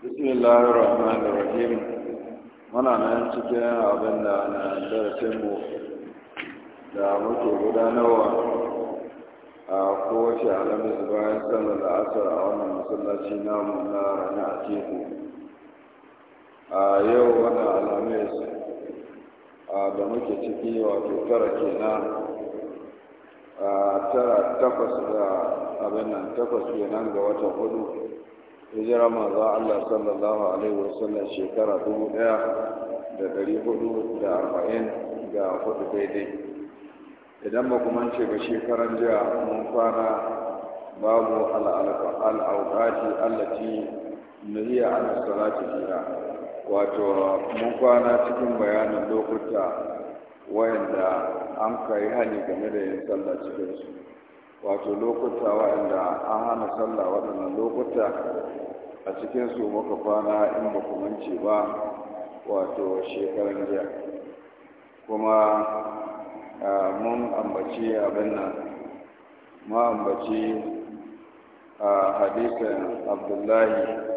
bismillahir rahmanir rahim muna nan cikin abin da na darasinmu da muke gudanarwa a kowace alamis bayan sallar da asar a wannan masallaci namu na rana a teku a yau wannan alamis da muke ciki wato tara kenan a tara takwas da abin nan takwas kenan ga watan hudu hijira manzo Allah sallallahu alaihi wasallam shekara dubu ɗaya da dari hudu da arba'in da hudu daidai idan ba kuma ce ga shekaran jiya mun kwana babu al'auƙati allati nahiya an salati fiha wato mun kwana cikin bayanin lokuta wayanda an kai hali game da yin sallah cikin su wato lokuta waɗanda an hana sallah waɗannan lokuta a cikinsu muka kwana in ba mance ba wato shekaran jiya kuma mun ambaci abin nan ma ambaci hadisan abdullahi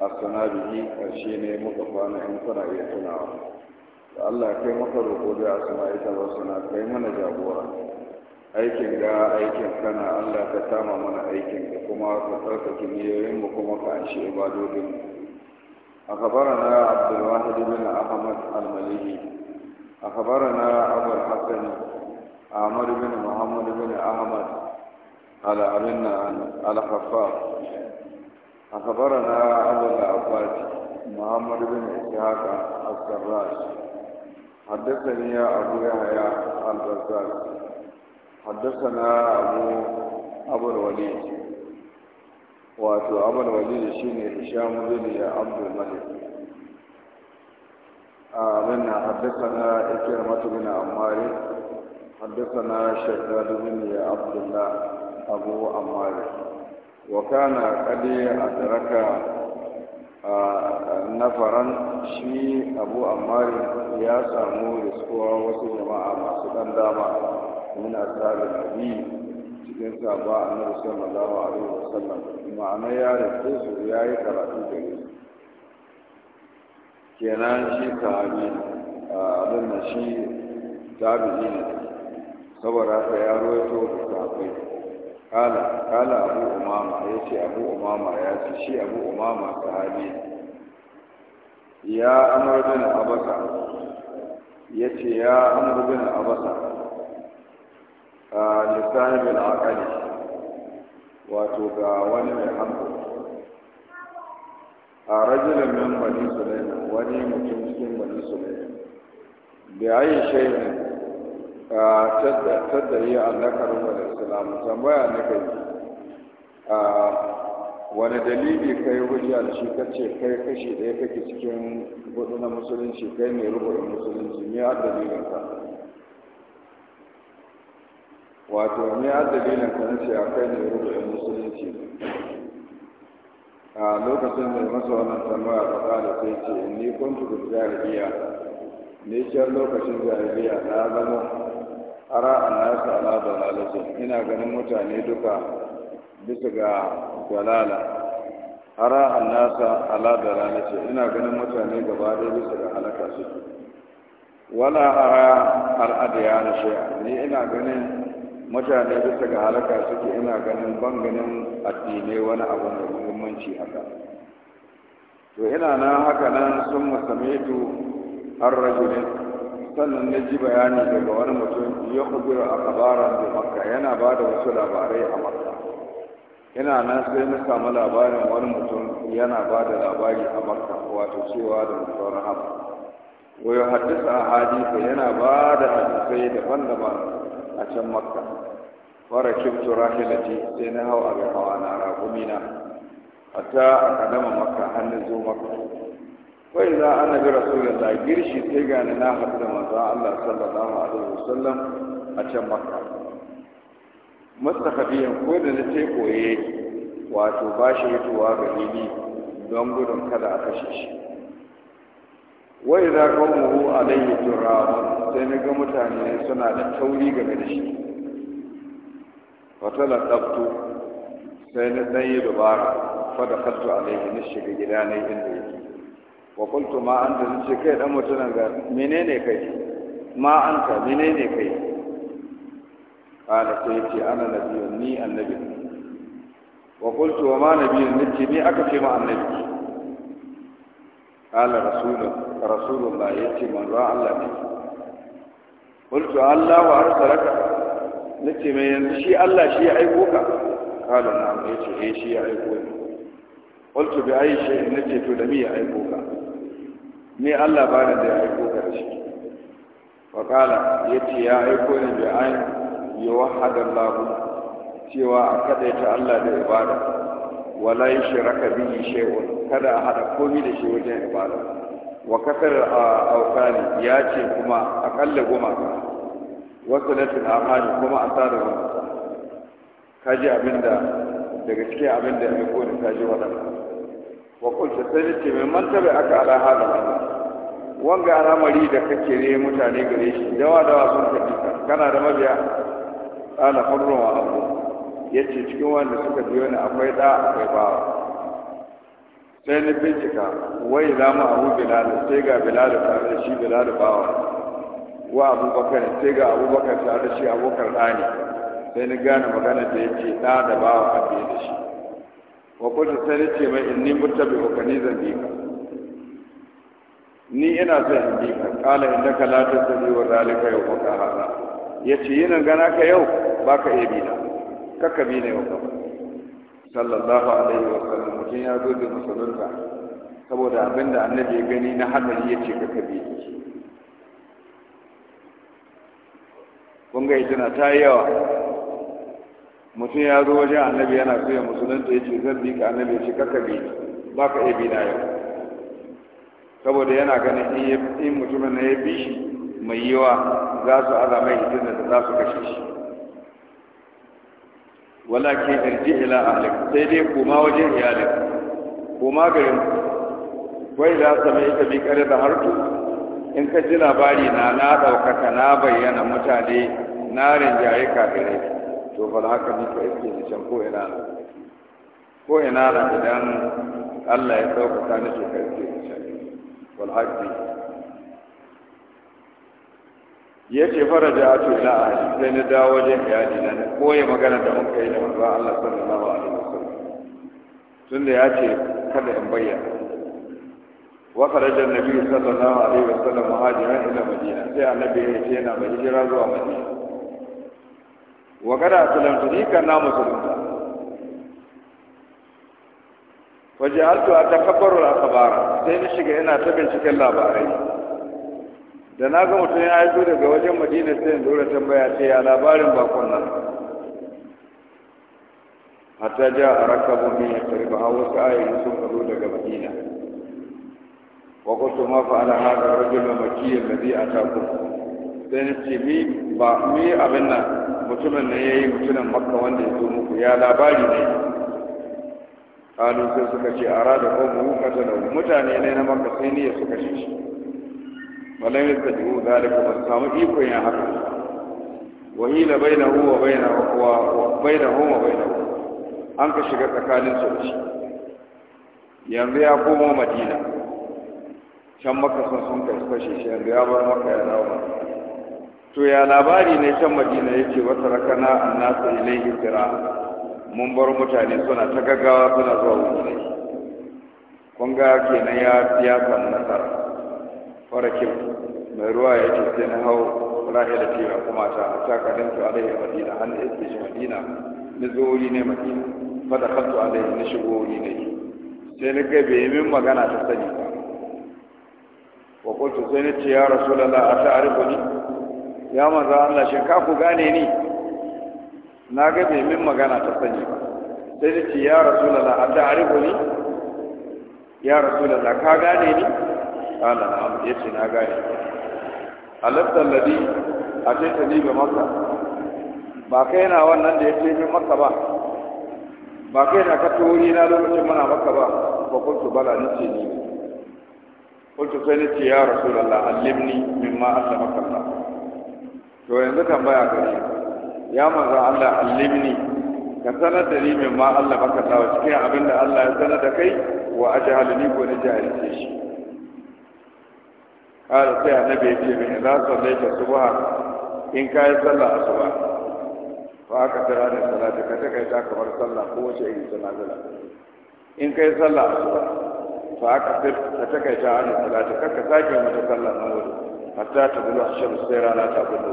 a sanabihi ƙarshe ne muka kwana in kuna iya tunawa da allah kai maka roƙo da a sana ta wasu suna kai mana jagora aikin ga aikin kana Allah ka sama mana aikin da kuma ka tsarkake niyoyin mu kuma ka anshi ibadodin mu أخبرنا عبد الواحد بن أحمد المليحي أخبرنا أبو الحسن عمر بن محمد بن أحمد على أبن على خفاف أخبرنا أبو العباس محمد بن إسحاق السراج حدثني يا أبو يحيى البزار حدثنا أبو أبو الوليد وأتو أبو الوليد شيني هشام بن عبد الملك منا حدثنا إكرمة بن عمار حدثنا شداد بن عبد الله أبو عمار وكان قد أدرك نفرا شي abu عمار يا سامو riskuwa wasu jama'a masu ɗan من أصحاب النبي cikin a sahaba mazawa a alaihi wasallam ma'ana ya rike su ya yi karatu da ni kenan shi a abin da shi yi ne saboda ta ya rawaito da sahabbai kala kala abu umama ya ce abu umama ya ce shi abu umama sahabi ya amar abasa ya ce ya amar abasa lissanin al'akali wato ga wani mai hankali a rajulun min bani sulaiman wani mutum cikin bani sulaiman da ayi shaidin tattari a lakarin wani islam tambaya na kai wani dalili kai hujja da shi kace kai kashi ɗaya kake cikin gudu na musulunci kai mai rubuta musulunci ne a dalilin ka wato ne a dalilin ka a kai ne rubu'in musulunci a lokacin da masa wannan tambaya ta kada sai ce ni kuntu bil jahiliya ne can lokacin jahiliya na zama ara annasu ala dalalatin ina ganin mutane duka bisa ga dalala ara annasa ala dalalatin ina ganin mutane gaba ɗaya bisa ga halaka su wala ara al'adiyana shi ni ina ganin mutane bisa ga halaka suke ina ganin banganin addinai wani abu mai muhimmanci haka to ina na haka nan sun musamaitu har rajuli sannan na ji bayani daga wani mutum ya kubiru a kabaran da makka yana ba da wasu labarai a makka ina nan sai na samu labarin wani mutum yana ba da labari a makka wato cewa da mutum rahama wai haddasa hadisi yana ba da hadisai daban-daban a can makka fara kimtu rahilati sai na hau abin hawa na A hatta a dama makka hannun zo makka wai za a nabi rasulullah girshi sai gani na haɗu da manzo Allah sallallahu alaihi wasallam a can makka mustakabiyan ko da na ce koye wato ba shi mutuwa ga hili don gudun kada a kashe shi wai za ka muhu alayhi turawa sai na ga mutane suna da tauri game da shi fatala tsabtu sai na ɗan yi dubara fada kaltu alayhi na shiga gida na inda yake wa kultu ma an da ce kai dan mutunan ga menene kai ma an ka menene kai kala sai ce ana nabiyun ni annabi wa kultu wa ma nabiyun ni aka ce ma annabi kala rasulullah ya ce manzo Allah ne qultu Allah wa arsalaka nace mai yanzu shi Allah shi ya aiko ka kala na mai ce eh shi ya aiko ni qultu bi ayi shay nace to da ya aiko ka me Allah ba da ya aiko ka shi yace ya aiko ni bi cewa a kadaita Allah da ibada wala yi shiraka bihi shay'un kada a hada komi da shi wajen ibada wa a aukani ya ce kuma akalla ka. wasu latin amani kuma a sada gumaka kaji abinda daga cikin abinda mai kodin kaji waɗanda wa kunshi sai ce mai mantaba aka ala hada wanga al'amari da kake ne mutane gare shi dawa dawa sun kaji kana da mabiya ala hurrun wa abu yace cikin wanda suka biyo ni akwai da akwai bawa sai ni bincika wai za mu abu bilal sai ga bilal tare da shi bilal bawa wa abubakar sai ga abubakar tare da shi abokar dani sai ni gane magana da yake ɗa da bawa a biye da shi wa kuta sai ni ce mai inni mutabi wa kani zan bi ka ni ina son in bi ka kala inda ka la ta sani wa zalika yau ka hada yace yin gana ka yau baka iya bi na kakkabi ne wa sallallahu alaihi wa sallam mutum ya zo da musulunta saboda abin da annabi ya gani na hadari ya ce kakkabi kun ga tana ta yi yawa mutum ya zo wajen annabi yana so ya musulunta ya ce zan bi ka annabi ya ce kakkabi ba ka iya bi na yau saboda yana ganin in mutumin na ya bi shi mai yawa za su azamai hitin da za su kashe shi walakin irji ila ahlik sai dai koma wajen iyalin kuma garin wai da same ita bi kare da hartu in ka ji labari na na ka na bayyana mutane na rinjaye kafirai to fa haka ne ka yake ni can ko ina na ko ina na idan Allah ya ka ni to ka yake ni can wal haƙi ya ce fara da a tuna a sai na dawo wajen iyali na na koya magana da muka yi da manzon Allah sallallahu alaihi wasallam tunda ya ce kada in bayyana wa kharaja annabi sallallahu alaihi wasallam muhajiran ila madina sai annabi ya ce yana mai hijira zuwa madina wa kada aslamtu ni na musulunta waje altu a takabbarul akhbara sai na shiga ina ta binciken labarai da na ga mutum ya zo daga wajen madina sai in da tambaya sai ya labarin bakon nan hatta ja a rakabu min ya karba a wasu ayoyi sun faru daga madina wa kuntu ma fa ala hada rajul makki alladhi ataakum sai ni ce mi ba mi abin nan mutumin ne yayi mutumin makka wanda ya zo muku ya labari ne kalu sai suka ce a da ko mu kasa da mutane ne na makka sai ne suka ce shi balan yadda da mu zalika ba su samu iko ya haka wahila bainahu wa bainahu wa bainahu wa bainahu an ka shiga tsakanin su da yanzu ya komo madina can maka sun sun kai kashe shi yanzu ya bar maka ya dawo to ya labari ne can madina yake wata rakana annasu ilaihi tira mun bar mutane suna ta gaggawa suna zuwa wuri kun ga kenan ya ya samu nasara farakin mai ruwa ya ce sai na hau rahila ce a kuma ta a takalin su alaihi madina har na iske shi madina na zo wuri ne madina fada kanto alaihi na shigo wuri ne sai na ga bai min magana ta sani ba wa kuntu sai na ce ya rasulullah a ta'arifu ni ya manzo Allah shin ka ku gane ni na ga bai min magana ta sani ba sai na ce ya rasulullah a ta'arifu ni ya rasulullah ka gane ni kala na amma A na gane a ce ta ni bi maka. ba kai na wannan da ya ce fi maka ba ba kai na ka tori na lokacin mana maka ba ba kuntu bala ce ni kuntu sai ce ya rasu da rasulullah allimni mimma maka Allah to yanzu kan baya gare ya maza Allah allimni ka sanar da ni min ma Allah maka ba cikin abinda Allah ya sanar da kai wa ajihalini ko na jahilce shi kada sai annabi ya ce min za su zai ka subha in ka yi sallah a fa aka tara da salati ka ta kai ta kamar sallah ko wace irin sallah in ka yi sallah a fa aka ta ta kai ta an salati ka ka sake sallah wuri hatta ta bulu ashar sai rana ta bulu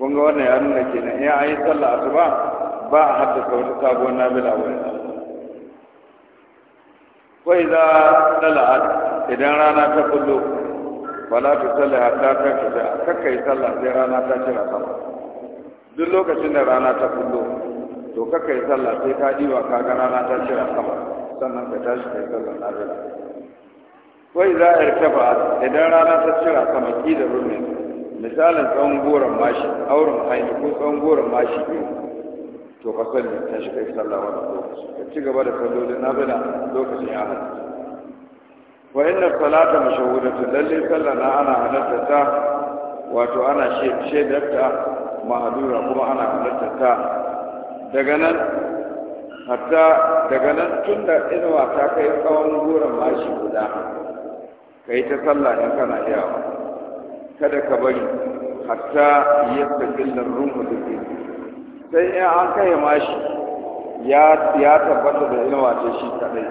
kun ga wannan ya nuna kenan in ya yi sallah a ba a haddasa wata sabuwar nabila wani wai za dala'at idan rana ta kullo fala tu salli hatta ta kija kakka yi sallah sai rana ta kira sama duk lokacin da rana ta kullo to kakka yi sallah sai ka diba ka ga rana ta kira sama sannan ka tashi kai sallah na bila wai za a irtafa idan rana ta cira sama ki da rumin misalin tsawon goron mashi auren haini ko tsawon goron mashi biyu to ka sani ta shiga kai sallah wannan lokaci ka ci gaba da sallolin nafila lokacin ya halatta wa inna salata mashawudatun lalle sallah na ana halatta ta wato ana shedarta mahadura kuma ana halatta ta daga nan hatta daga nan tun da inuwa ta kai tsawon goron mashi guda ka yi ta sallah in kana iyawa kada ka bari hatta yi yadda billar rumu da sai in an kai mashi ya tabbata da inuwa ce shi kadai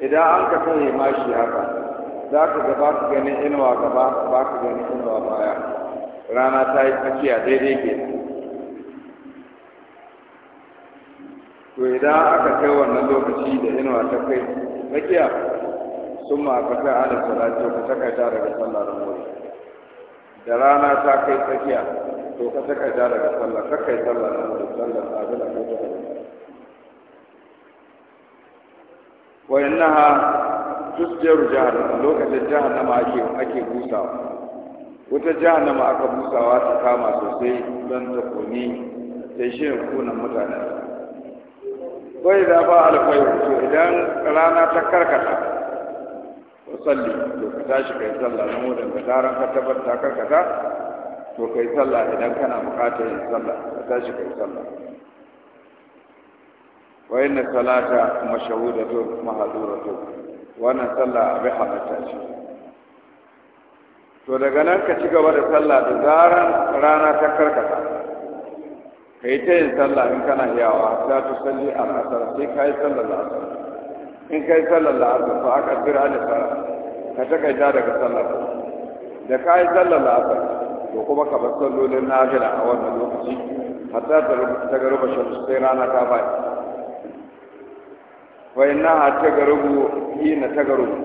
idan an ka kai mashi haka za ka ga ba ka ganin inuwa gaba ba ka ganin inuwa baya rana ta yi tsakiya daidai ke to idan aka kai wannan lokaci da inuwa ta kai tsakiya sun ma ka kai ala salatu ka takaita daga sallar wuri da rana ta kai tsakiya to ka saka da daga sallah ka kai sallah na da sallah abin da ka ta wa innaha tusjaru jahannama lokacin jahannama ake ake busawa wata jahannama aka busawa ta kama sosai don ta kone ta yi shirin kunan mutane bai da ba alfai to idan rana ta karkata wasalli to ka tashi kai sallah na mudan ka taron ka tabbata karkata to kai sallah idan kana bukatar yin sallah ka tashi kai sallah wa inna salata mashhudatun mahduratun wannan sallah abin halatta ce to daga nan ka ci gaba da sallah da zaran rana ta karkata kai ta yin sallah in kana yawa ta tu salli al asr sai kai sallar asr in kai sallar asr fa aka bira da sallah ka ta kai ta daga sallar da kai sallar asr to kuma ka bar sallolin nafila a wannan lokaci hatta ta garuba shamsu sai rana ta faɗi wa inna ta garubu hina ta garubu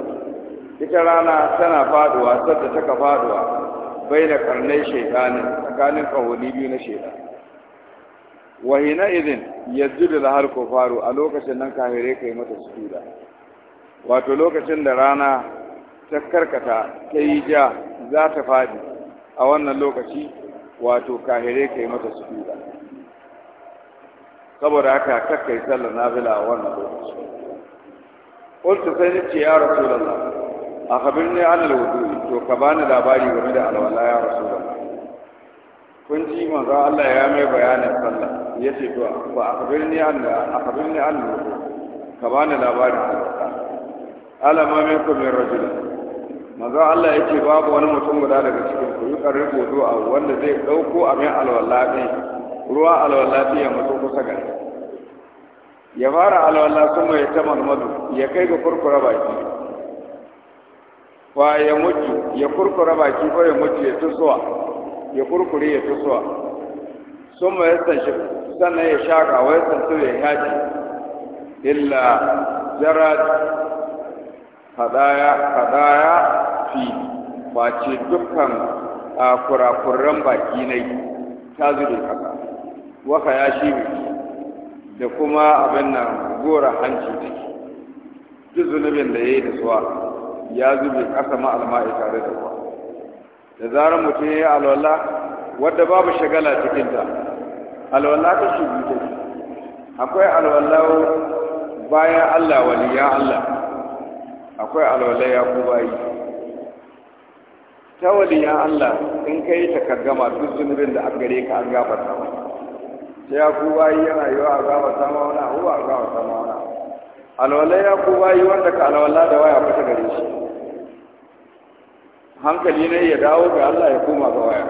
ita rana tana faduwa sadda ka faduwa bai da karnai shaitani tsakanin kahoni biyu na shaitani wa hina idin yajidu da har faru a lokacin nan kahire kai mata sujuda wato lokacin da rana ta karkata ta yi ja za ta faɗi a wannan lokaci wato kahire ka yi mata sujuda saboda haka kakkai sallar nafila a wannan lokaci qultu sai ni ce ya rasulullah ne an al to ka bani labari game da alwala ya rasulullah kun ji manzo Allah ya mai bayanin sallah ce to ba akhbirni an ne an ka bani labarin alwala alama minkum min rajulin manzo Allah ya ce babu wani mutum guda daga cikin ku yi karin wudu a wanda zai ɗauko amin alwallafi ruwa alwallafi ya mutu kusa ga ya fara alwallafi kuma ya tama madu ya kai ga kurkura baki wa ya mutu ya kurkura baki ko ya mutu ya tusuwa ya kurkure ya tusuwa sun ya sanshi sannan ya shaka wai ya sansu ya yaji illa zarat hadaya hadaya fi face dukkan kurakuran baki yi ta zube kasa waka ya shi da kuma abin nan gora hanci ne duk zunubin da ya yi da suwa ya zube ƙasa ma alma'i tare da ruwa da zarar mutum ya yi alwala wadda babu shagala ta alwala ta shi akwai alwala bayan allah waliyan allah akwai alwala ya ku bayi ta ya Allah in ka yi takardama duk zunubin da an gare ka an gafarta ma ta ya ku bayi yana yiwa a gafarta ma wani abu a gafarta ma wani alwala ya ku bayi wanda ka alwala da waya ta gare shi hankali ne ya dawo ga Allah ya koma ga waya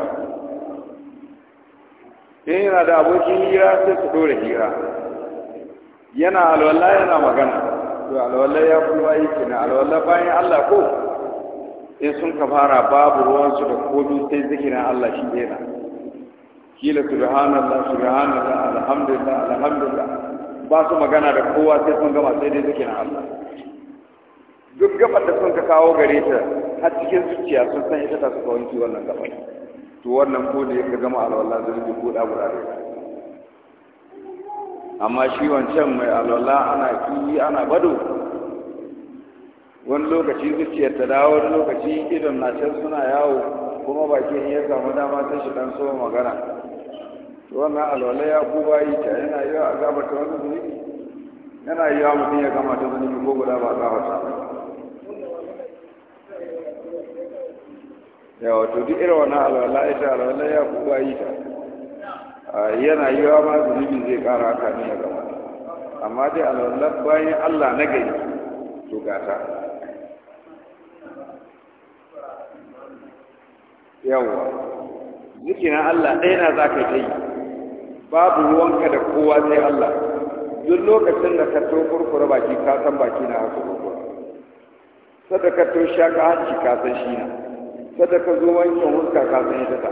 in yana da abokin hira sai su dore hira yana alwala yana magana to alwala ya kuma aiki na alwala bayan Allah ko sai sun ka fara babu su da komi sai zikirin Allah shi ne na kila subhanallah subhanallah alhamdulillah alhamdulillah ba su magana da kowa sai sun gama sai dai zikirin Allah duk gabar da sun ka kawo gare ta har cikin zuciya sun san ita ta su wanki wannan gabar to wannan ko da ya gama alwala zai ko da guda amma shi wancan mai alwala ana kiyi ana bado wani lokaci zuciyar ta dawo wani lokaci idan na can suna yawo kuma bakin ya samu dama ta shi dan so magana to wannan alwala ya ku bayi ta yana yi a gabata wani zunubi yana yi wa mutum ya gama ta zunubi ko guda ba a gabata yawa to duk irin wannan alwala ita alwala ya ku bayi ta yana yi wa ma zunubi zai ƙara haka ne ya gama amma dai alwallar bayan allah na gari to gata yawwa na allah ɗaya na za ka yi babu ruwanka da kowa zai allah duk lokacin da ka to kurkura baki ka san baki na haka kurkura sadaka to shaka hanci ka san shi na sadaka zo wankin huska ka san ita ta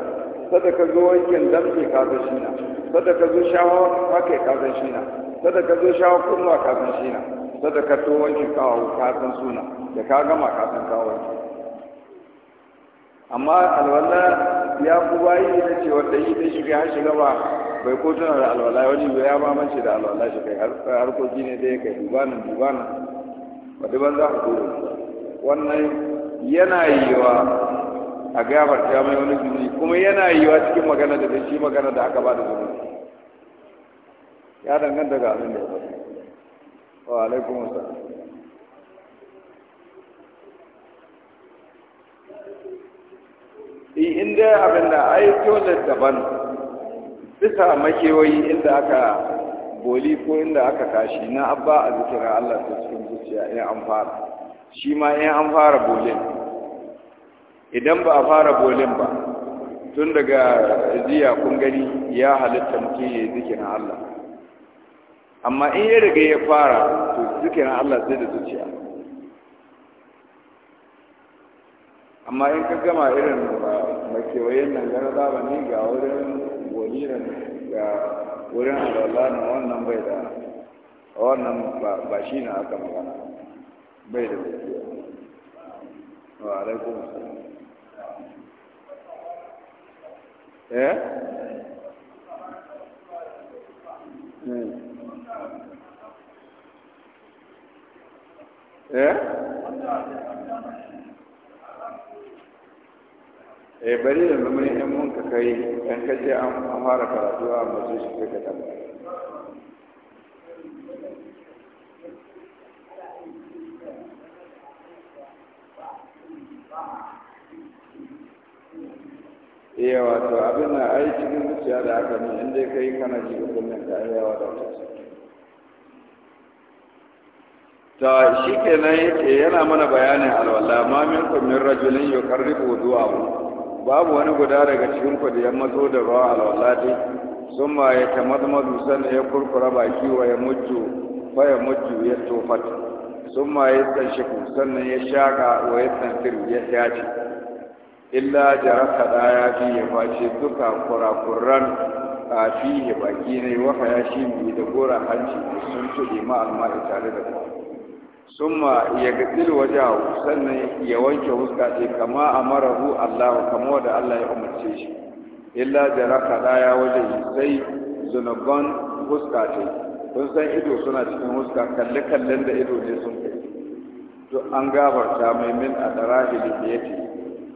sada ka zo wankin damke ke kafin shi na sada ka zo shawa haka ka san shi na sada ka zo shawa kunnuwa kafin shi na sada ka to wankin kawo kafin suna da ka gama kafin kawo amma alwala ya ku bayi da cewa wanda yi da shiga har shiga ba bai ko tana da alwala wani bai ya mamance da alwala shi kai harkoki ne da ya kai dubanin dubanin wadda ban za ku wannan yana yiwa a gafarta mai wani zunubi kuma yana yi wa cikin magana da shi magana da aka ba da zunubi ya danganta ga abin da ya faru wa alaikum assalam eh, in dai abin da ai tolet daban bisa makewayi inda aka boli ko inda aka kashi na abba a zikira Allah ta cikin zuciya in an fara shi ma in an fara bolin idan ba a fara bolin ba tun daga jiya kun gani ya halitta mutum ya yi zikirin Allah amma in ya riga ya fara to zikirin Allah zai da zuciya amma in ka gama irin ah, kewaye nan gara zaba ne ga wurin waliran ga wurin alwala na wannan bai da wannan ba shi na aka magana bai da zuciya wa alaikun assalam eh eh eh bari da mun in mun ka kai dan kace an fara karatu a masu shi ka Thank you. iya eh, wato abin na aiki cikin zuciya da aka min inda ka yi kana ji ukun kullum ka yi yawa da wata ta shi nan yake yana mana bayanin alwala ma min kun min rajulin zuwa mu. babu wani guda daga cikin ku da ya mazo da ruwa alwala dai sun ma ya tamadmadu sanda ya kurkura baki wa ya mujju fa ya mujju ya tofat sun ma ya ku sannan ya shaka wa ya tsantiru ya tace illa jaraka da ya fi ya face duka kurakuran a ya baki ne wa ya shi mai da gora hanci sun amma ya tare da ku. sun ma ya gaɗil waje sannan ya wanke huska ce kama a marahu Allah kama da Allah ya umarce shi illa jaraka da ya waje sai zunuban huska ce kun san ido suna cikin huska kalle-kallen da ido ne sun kai to an gafarta mai min a tsara da ya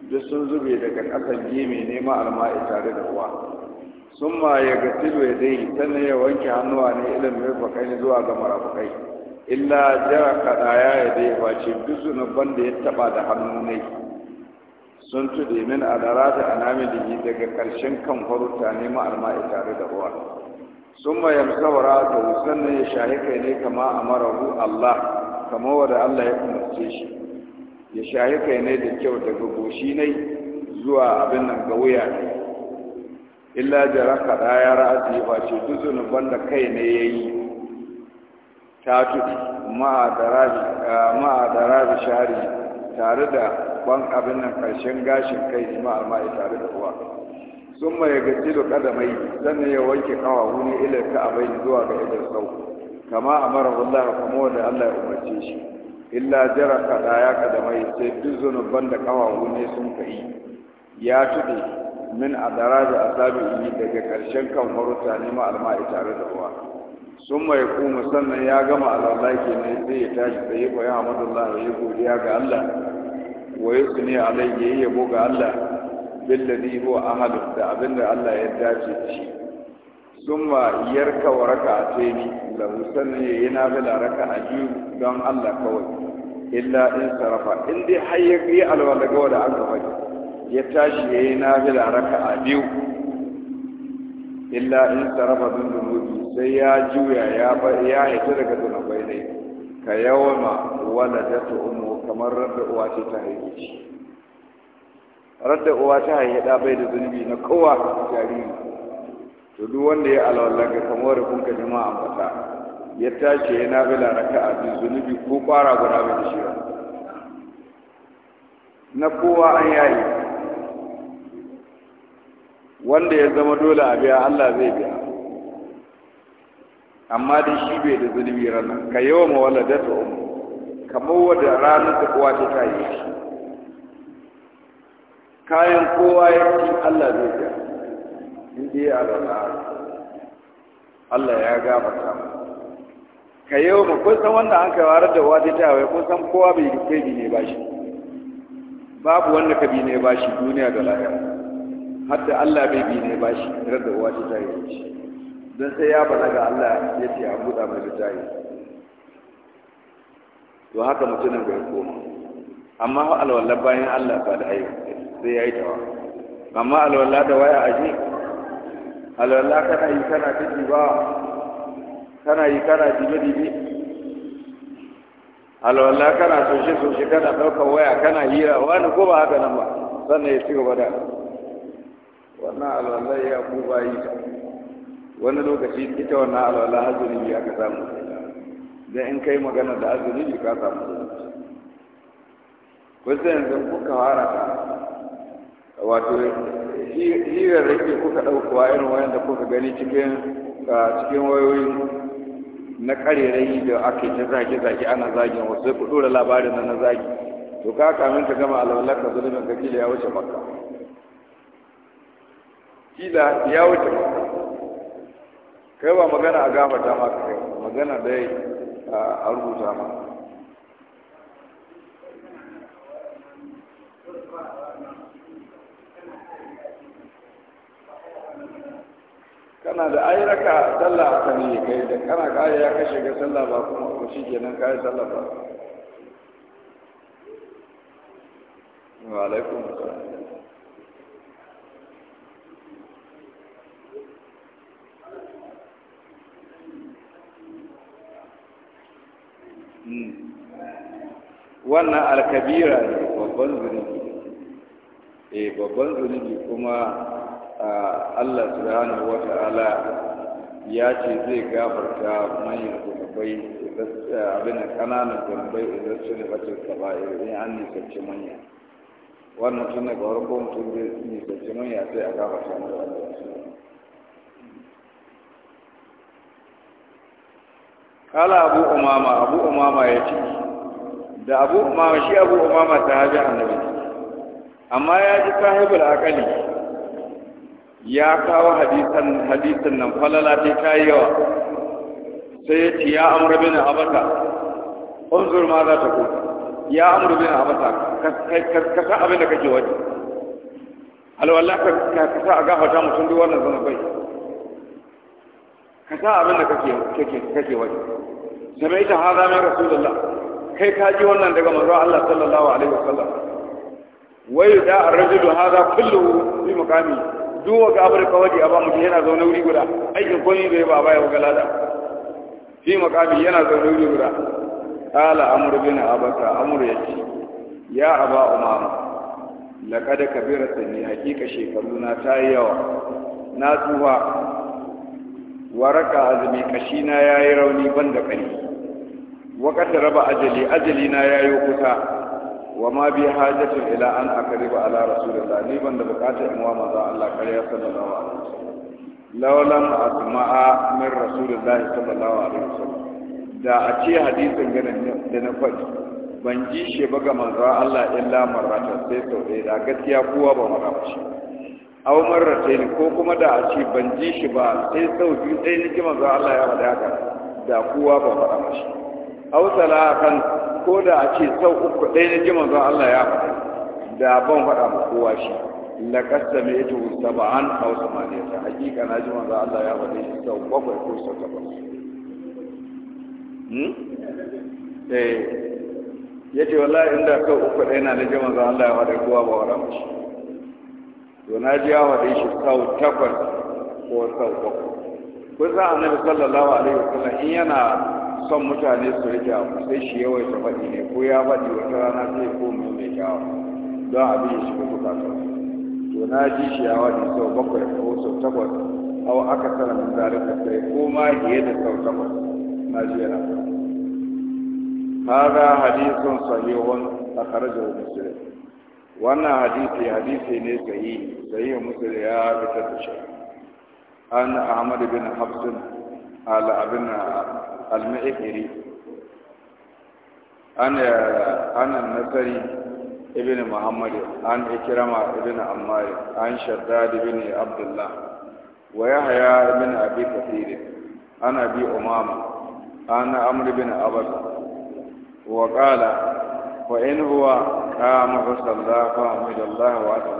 duk sun zube daga ƙasan gemi nema alma'i tare da ruwa sun ma ya ga tilwe dai sannan ya wanke hannuwa ne ilin mirfakai ne zuwa ga marafakai illa jara kaɗa ya ya dai face duk zunuban da ya taɓa da hannu ne sun tuɗe min a darata a namin daga ƙarshen kan faruta nema alma'i tare da ruwa sun ma yamsa ta sannan ya shahi kai ne kama a marahu allah kama wada allah ya umarce shi ya shayi kai ne da kyau daga goshi ne zuwa abin nan ga wuya ne illa jaraka da ya ra'azi ba ce duk banda kai ne ya yi ta tuɗi ma'a da shari tare da ban abin nan ƙarshen gashin kai ne ma'a tare da uwa sun mai gaji da kadamai sannan ya wanke kawa wuni ilar ka abai zuwa ga idan sau kama a mara wallah kamo da allah ya umarce shi illa jara ka da mai, sai duk zunuban da kawawu ne sun kai ya tuɗe min a daraja a sabi'i daga ƙarshen kan faruta ne ma'alma'i tare da ruwa sun mai kuma sannan ya gama alalai ne zai ya tashi da ya koya hamdulillah ya godiya ga Allah wa yusni alayhi ya yabo ga Allah billadhi huwa ahad da abinda Allah ya dace da shi summa yarka waraka ateni lahu sannan ya yi nafila raka a biyu don Allah kawai illa in sarafa in dai har ya yi alwala aka faɗi ya tashi ya yi nafila raka a biyu illa in sarafa dun dunubi sai ya juya ya ya hita daga dunubai ne ka da ta umu kamar radda uwa ce ta haihu radda uwa ta haihu da bai da zunubi na kowa jariri to duk wanda ya alwallaga kamar da kun ka jama'a ambata ya tashi ya nafila raka'a biyu zunubi ko fara guda bai da shi ba na kowa an yayi wanda ya zama dole a biya Allah zai biya amma dai shi bai da zunubi ranar ka yawa ma ta umu kamar wadda ranar da kowa ta yi shi kayan kowa ya ci Allah zai biya in dai ya zauna Allah ya gafarta mu ka yau mu kun san wanda an kai warar da wata ta wai kun san kowa bai kai ne ne bashi babu wanda ka bi ne bashi duniya da lahira hatta Allah bai bi ne bashi rar da wata ta yi don sai ya ga Allah ya ce a buɗa mai yi. to haka mutumin bai koma amma alwallar bayan Allah ba da haihu sai ya yi tawa amma alwallar da waya a alwala kana yi kana ta ba kana yi kana dibe dibe alwala kana soshe soshe kana ɗaukar waya kana hira wani ko ba haka nan ba sannan ya ci gaba da wannan alwala ya ku ba yi ta wani lokaci ita wannan alwala hazuri ya ka samu da in kai magana da azumi ka samu kusa yanzu kuka fara wato hirar ke kuka ɗaukowa irin wayan da kuka gani cikin cikin wayoyin na ƙarerayi da aka yi ta zage-zage ana zagin wasu sai ku ɗora labarin na zagi to ka kamin ka gama alwalar ka zulumin ka kila ya wuce makka kila ya wuce makka kai ba magana a gafata maka kai magana dai a rubuta maka kana da ai raka sallah aka ne kai da kana kaya ya kashe ga sallah ba kuma ko shi kenan kare sallah ba wa alaikum assalam hmm. wannan alkabira ne babban zunubi eh babban zunubi kuma Allah subhanahu wa ta'ala ya ce zai gafarta manyan zurbai abin kananan zurbai idan su ne fashin kaba'ir in an nisanci manya wannan tun daga farko mutum zai nisanci manya sai a gafarta masa su. kala abu umama abu umama ya ce da abu umama shi abu umama ta a annabi amma ya ji sahibul aqali ya kawo hadisan hadisan nan falala ta kai yawa sai ya ce ya amra bin abaka unzur ma za ta ku ya amra bin abata ka sa abin da kake waje wallahi ka ka sa a gafata mutum duk wannan zama bai ka sa abin da kake kake kake waje zama ita haza mai rasulullah kai ka ji wannan daga manzo Allah sallallahu alaihi wasallam wai da ar-rajulu hadha kulluhu bi maqami duk wa gabar kawai a ba mutum yana zaune wuri guda aikin komai bai ba baya ga lada fi makabi yana zaune wuri guda qala amru bin abasa amru yace ya aba umama laqad kabira sanni hakika shekaru na tayi yawa na tsuwa waraka azumi kashi na yayi rauni banda kani wa raba ajali ajali na yayi kusa wa ma bi hajatu ila an akriba ala rasulillah ni banda da bukatar in wa za Allah kariya sallallahu alaihi wasallam laulam asma'a min rasulillah sallallahu alaihi wasallam da a ce hadisin ganin da na faɗi ban ji shi ba ga manzo Allah illa marrata sai sau ɗaya da gaskiya kowa ba mara shi aw ne ko kuma da a ce ban ji shi ba sai sau biyu ɗaya ki manzo Allah ya faɗa da kowa ba mara shi aw salatan ko da a ce sau uku ɗaya na jima zuwa Allah ya faɗa da ban faɗa ma kowa shi laqad sami'tu sab'an aw samaniyata hakika na jima zuwa Allah ya faɗa shi sau bakwai ko sau takwas hmm eh yace wallahi inda sau uku ɗaya na jima zuwa Allah ya faɗa kowa ba wara ma shi to na ji ya faɗa shi sau takwas ko sau bakwai kusa annabi sallallahu alaihi wasallam in yana son mutane su rike abu sai shi yawai ta faɗi ne ko ya faɗi wata rana sai ko mai mai kyawa don abin ya shiga bukatar to na ji shi ya waɗi sau bakwai ko sau takwas hau aka tsara min zalika sai ko ma fiye da sau takwas na ji yana hada hadisun sahihun a karajar musulun wannan hadisi hadisi ne sahi sahihin musulun ya fitar da shi an ahmad bin hafsin al abin al-mu'ikiri nasari ibn muhammad an ikrama ibn ammar an shaddad ibn abdullah wa yahya ibn abi kathir an abi umama an amr ibn abbas wa qala fa in huwa qama fa sallaka hamdallahi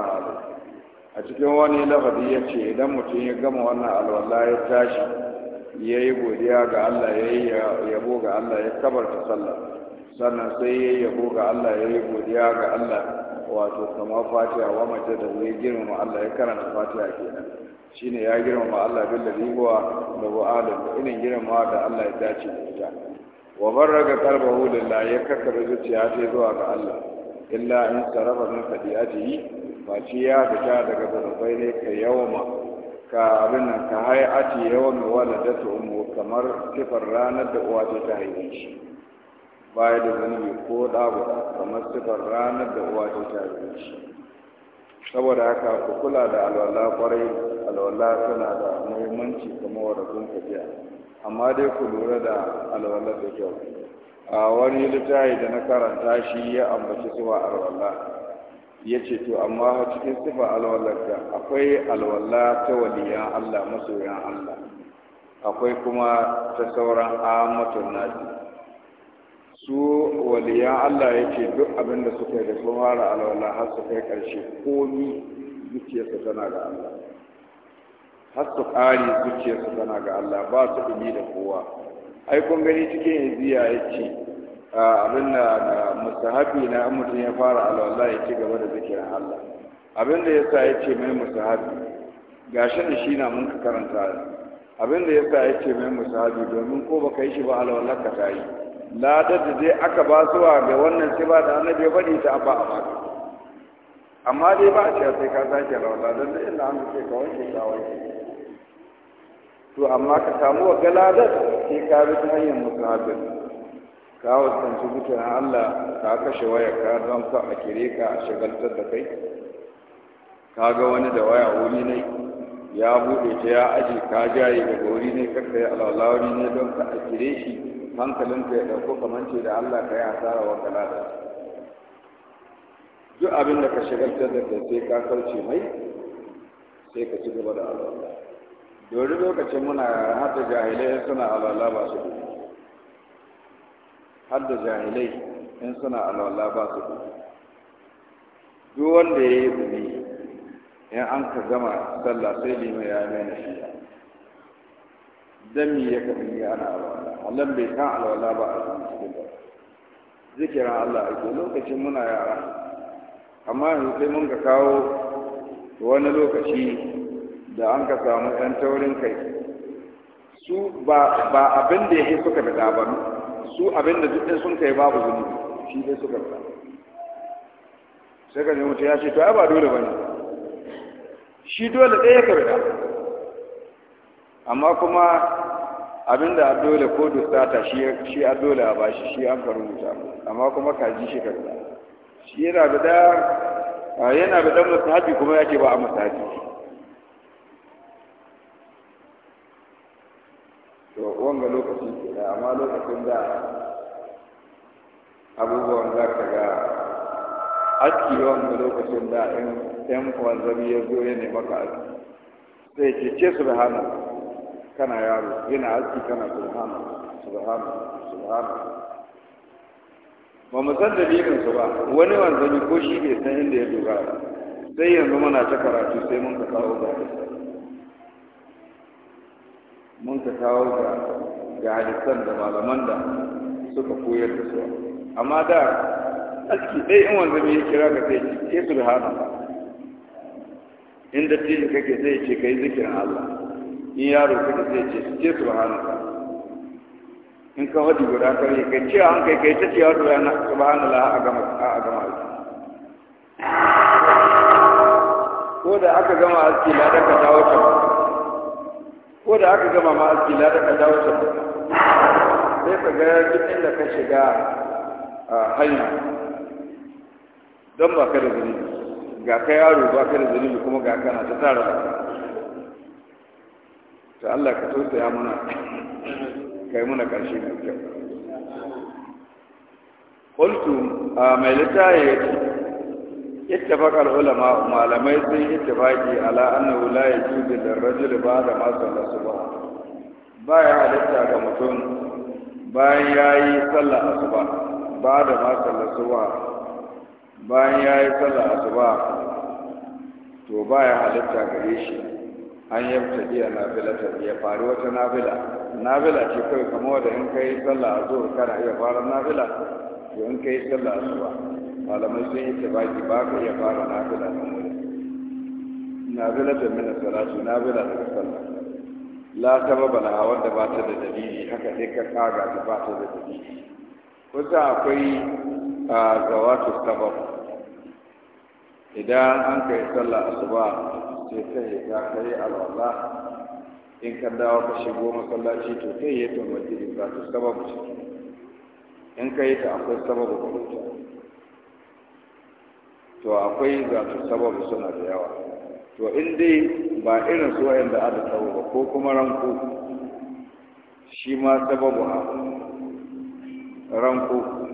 a cikin wani lafazi yace idan mutum ya gama wannan alwala ya tashi ya yi godiya ga Allah ya yi yabo ga Allah ya kabarta sallah sannan sai ya yi yabo ga Allah ya yi godiya ga Allah wato kama fatiha wa mace da ya girmama Allah ya karanta fatiha kenan shine ya girmama Allah bil ladiwa da wa da irin girmama da Allah ya dace da ita wa barraga qalbahu lillah ya kakkara zuciya ta zuwa ga Allah illa in sarafa min fadiatihi ba ci ya fita daga zarafai ne ka yawma ka abin nan ka hai ati da waladatu ummu kamar sifar ranar da uwa ta haife shi baya da yi ko da kamar sifar ranar da uwa ta haife shi saboda haka ku kula da alwala kwarai alwala tana da muhimmanci kamar wadda kun kafiya amma dai ku lura da alwala da kyau a wani littafi da na karanta shi ya ambaci zuwa alwala ya ce to amma cikin sifa alwallarka akwai alwalla ta waliyan Allah masoyan Allah akwai kuma ta sauran amatun nasi su waliyan Allah ya ce duk abin da suka da sun fara alwala har su kai ƙarshe komi zuciyarsa tana ga Allah har su ƙari zuciyarsa tana ga Allah ba su ɗumi da kowa ai kun gani cikin yanzu ya ce abin da musahabi na mutum ya fara alwala ya ci gaba da zikin Allah abin da yasa ya ce mai musahabi gashi ne shi na mun karanta abin da yasa ya ce mai musahabi domin ko baka yi shi ba alwala ka ta yi da dai aka ba suwa ga wannan siba da annabi ya faɗi ta ba a baka amma dai ba a sai ka sake alwala dan da inda an ce ka wanke ka wanke to amma ka samu wa galadar sai ka bi ta hanyar musahabi ka wasanci dukkan Allah ka kashe waya ka don sa a kire ka a shagaltar da kai ka ga wani da waya wuri ne ya buɗe ta ya aji ka jaye daga wuri ne kakka ya alawalawa ne don ka a kire shi hankalinka ya ɗauko kamance da Allah ka yi hasara wa kalada duk abin da ka shagaltar da kai sai ka kauce mai sai ka ci gaba da alwala domin lokacin muna hada jahilai suna alwala ba su har da jahilai in suna alwala ba su duk wanda ya yi gumi in an ka gama sallah sai lima ya mai na shi dami ya kafin ya ana alwala wannan bai san alwala ba a cikin ba zikirin Allah ake lokacin muna yara amma yanzu sai mun ka kawo wani lokaci da an ka samu ɗan taurin kai su ba abin da ya suka da ba su abin da duk sun kai babu zuni shi dai suka fara sai ka nemi ya ce to ai ba dole bane shi dole ɗaya ka rika amma kuma abin da dole ko dustata shi shi a dole a bashi shi an faru rubuta amma kuma kaji shi karta, shi yana da yana da dan musahabi kuma ce ba a musahabi to wanga lokaci amma lokacin da abubuwan za ka ga aski wanda lokacin da in ɗan wanzami ya zo ya nema ka aski sai ce ce subhana kana yaro yana aski kana subhana subhana subhana ba mu san dalilin su ba wani wanzami ko shi bai san inda ya dogara sai yanzu muna ta karatu sai mun ka kawo ba mun ka kawo ga ga hadisan da malaman da suka koyar da su amma da aski dai in wanda ya kira ka sai ke su hana in ce ka ke sai ce kai zikirin Allah in yaro ka sai ce ke su hana in ka wadi guda ka yi kai ce an kai kai ta ce wato yana subhanallah a gama a gama ko da aka gama aski ladan ka dawo ta ko da aka gama ma aski la da ka dawo ta sai ka ga duk inda ka shiga a hanya don ba ka da zunubi ga ka yaro ba ka da zunubi kuma ga kana ta tara ba ta Allah ka tausaya muna kai muna karshe mai kyau a mai litaye اتفق ulama, malamai sun ittifaqi ala annahu la yajuzu lirrajul ba'da ma salla subha baya halitta ga mutum bayan yayi sallah asuba ba'da ma salla subha bayan yayi sallah asuba to baya halitta gare shi an yabtadi a nafilatar ya faru wata ce kawai kamar da in kai sallah a zuwa kana iya fara nafila to kai sallah asuba malamai sun yi baki ba ka iya fara nafila nan wuri nafila da mina salatu nafila da sallah la sababa na wanda ba ta da dalili haka sai ka kaga ta ba ta da dalili kusa akwai a zawatu sabab idan an kai sallah asuba sai ta yi kai alwala in ka dawo ka shigo masallaci to sai ya tumbaci da sabab in ka yi ta akwai sababu ka to akwai zatu sababu suna da yawa to in dai ba irin su da aka tsawo ba ko kuma ranko shi ma sababu ha ranko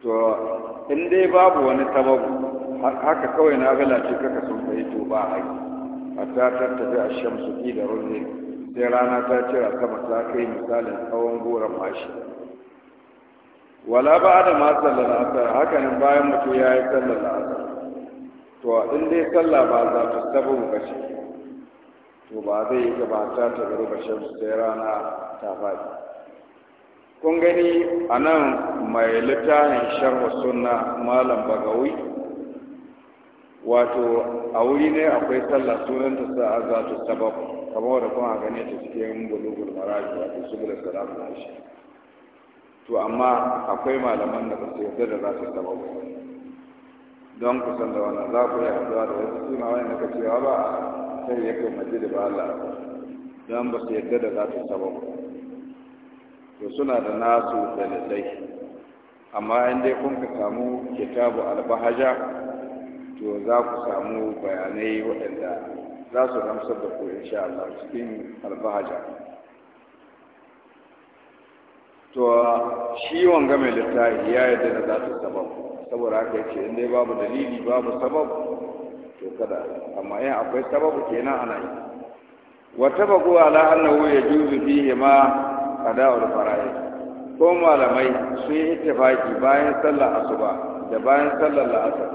to in dai babu wani sababu haka kawai na ce kaka sun kai to ba A hatta tattabi a shamsu da rulli sai rana ta cira sama ta kai misalin tsawon goron mashi wala ba da ma sallar asar haka nan bayan mutu ya yi sallar asar to in dai sallah ba za ta saba mu kashi to ba zai yi gabata ta gaba kashin sai rana ta faɗi kun gani a nan mai littafin sharhu sunna malam bagawi wato a wuri ne akwai sallah sunanta sa'a za ta saba kamar da kuma gane ta cikin bulugul maraji wato subul salam na shi to amma akwai malaman da ba su yarda da za su zama ba don ku san da wannan za ku yi haɗuwa da wasu suna wani na cewa ba sai ya kai maji da ba Allah don ba su yarda da za su zama ba to suna da nasu dalilai amma in dai kun ka samu kitabu albahaja to za ku samu bayanai waɗanda za su gamsar da ku insha Allah cikin albahaja to shi wanga mai littafi ya yadda da za su sabab saboda haka yace in babu dalili babu sabab to kada amma in akwai sababu kenan ana yi wa tabagu ala annahu yajuzu bihi ma qada'ul fara'i ko malamai sun yi ittifaki bayan sallar asuba da bayan sallar la'asar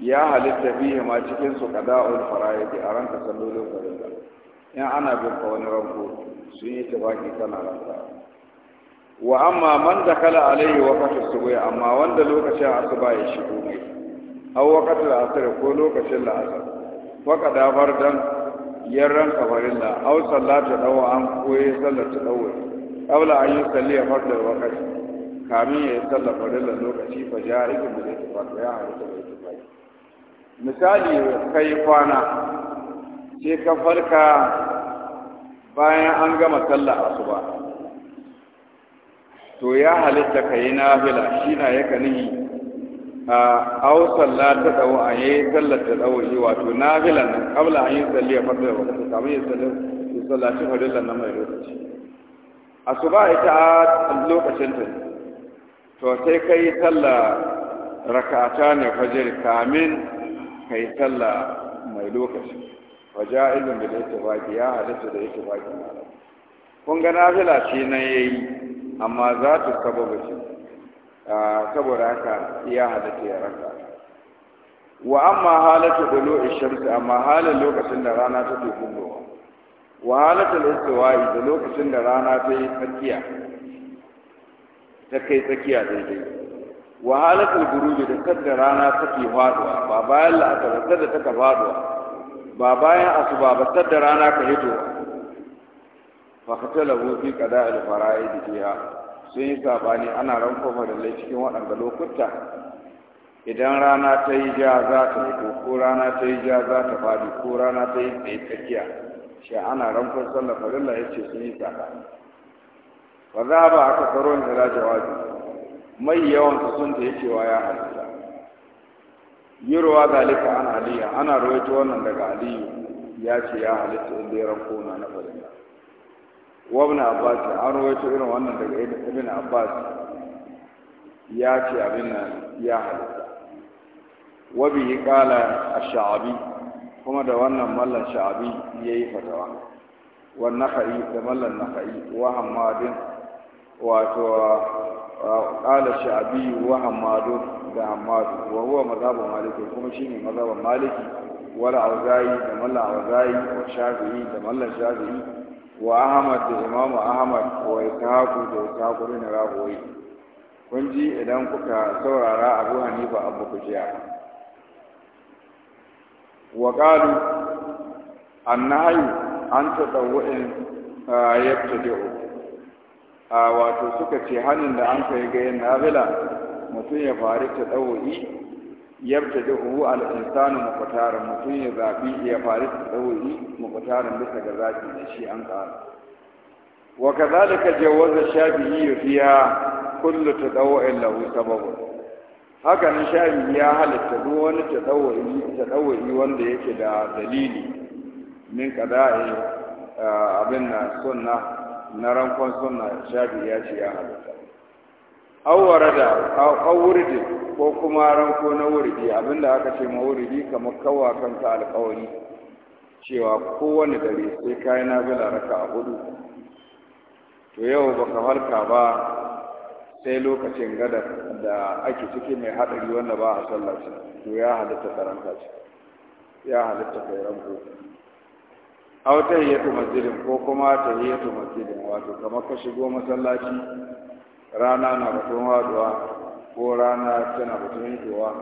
ya halitta bihi ma cikin su qada'ul fara'id a ranka sallolin farilla in ana bin wani ranko sun yi ittifaki kana ranka wa amma man dakala alaihi waqtu subuhi amma wanda lokacin asuba ya shigo mai aw waqtu al-asr ko lokacin al-asr waka da fardan kafarin da aw sallata dawa an koyi sallata dawa qabla an yi a farda waqti kamin ya salla da lokaci fa ja'ibu bil ittifaq ya hada bil ittifaq misali kai kwana sai ka farka bayan an gama sallar asuba to ya halitta ka yi nafila shi na yaka nihi a hausar la ta tsawo a yi sallar ta tsawo yi wato nafila nan kabla an yi salli ya fasa wa kasa kamar yi tsalli su sallaci farillar nan mai lokaci a su ba ita a lokacin ta to sai ka yi talla rakata ne fajir kamin ka yi talla mai lokaci ja ilimin da ya tafi ya halitta da ya tafi kun ga nafila shi na yayi yi amma za ta sababa bashi saboda haka ya hada ya raka wa amma halatu dulu shamsi amma halin lokacin da rana ta dukungowa wa halatul istiwa'i da lokacin da rana ta yi tsakiya ta kai tsakiya daidai wa halatu buruji da kadda rana ta ke faduwa ba bayan la'asar da ta ka faduwa ba bayan asuba ba sadda rana ka hitowa fakatalahu fi qada al fara'id fiha sun yi sabani ana ranko farallai cikin waɗanda lokuta idan rana ta yi ja za ta fito ko rana ta yi ja za ta fadi ko rana ta yi tsaye tsakiya shi ana ranko sallah, farilla ya ce sun yi sabani ba za ba aka karo ne da jawabi mai yawan su sun ta yi cewa ya halitta yurwa zalika an aliya ana rawaito wannan daga aliyu ya ce ya halitta inda ya ranko na na farilla wa ibn abbas an rawaito irin wannan daga ibn abbas ya ce abin nan ya halitta wa bihi qala ash-sha'bi kuma da wannan mallan sha'abi ya yi fatawa wa nakhai da mallan nakhai wa hammadin wato qala sha'bi wa hammadun da hammadu wa huwa mazhabu maliki kuma shine mazhabin maliki wal auza'i da mallan auza'i wa shafi'i da mallan shafi'i wa ahmad da imamu ahmad wa ishaku da ishaku na rahoyi kun ji idan kuka saurara abu hanifa abu kujiya wa qalu annahyu an tadawwu'in yabtadi'u a wato suka ce hannun da an kai ga yin nafila mutum ya fari tadawwu'i yabta da hu al'insanu mafatarin mutum ya zafi ya faru da tsawuri mafatarin bisa ga zaɓi da shi an ƙara wa ka zalika jawaza shafi'i ya fiya kullu ta ɗawo'in lahu sababu haka na shafi'i ya halitta duk wani ta ɗawo'i wanda yake da dalili min ƙada'i eh, abin na sunna na rankon sunna shafi'i ya ce ya halitta awwara da awurdi ko kuma ranko na wurdi abinda aka ce ma wurdi kamar kawa kanka alƙawari cewa kowane dare sai kayi na bila raka a hudu to yau baka farka ba sai lokacin gadar da ake ciki mai haɗari wanda ba a sallaci to ya halitta karanta ce ya halitta kai ranko aw kuma masjidin ko kuma tahiyyatu masjidin wato kamar ka shigo masallaci rana na batun haduwa ko rana tana batun haduwa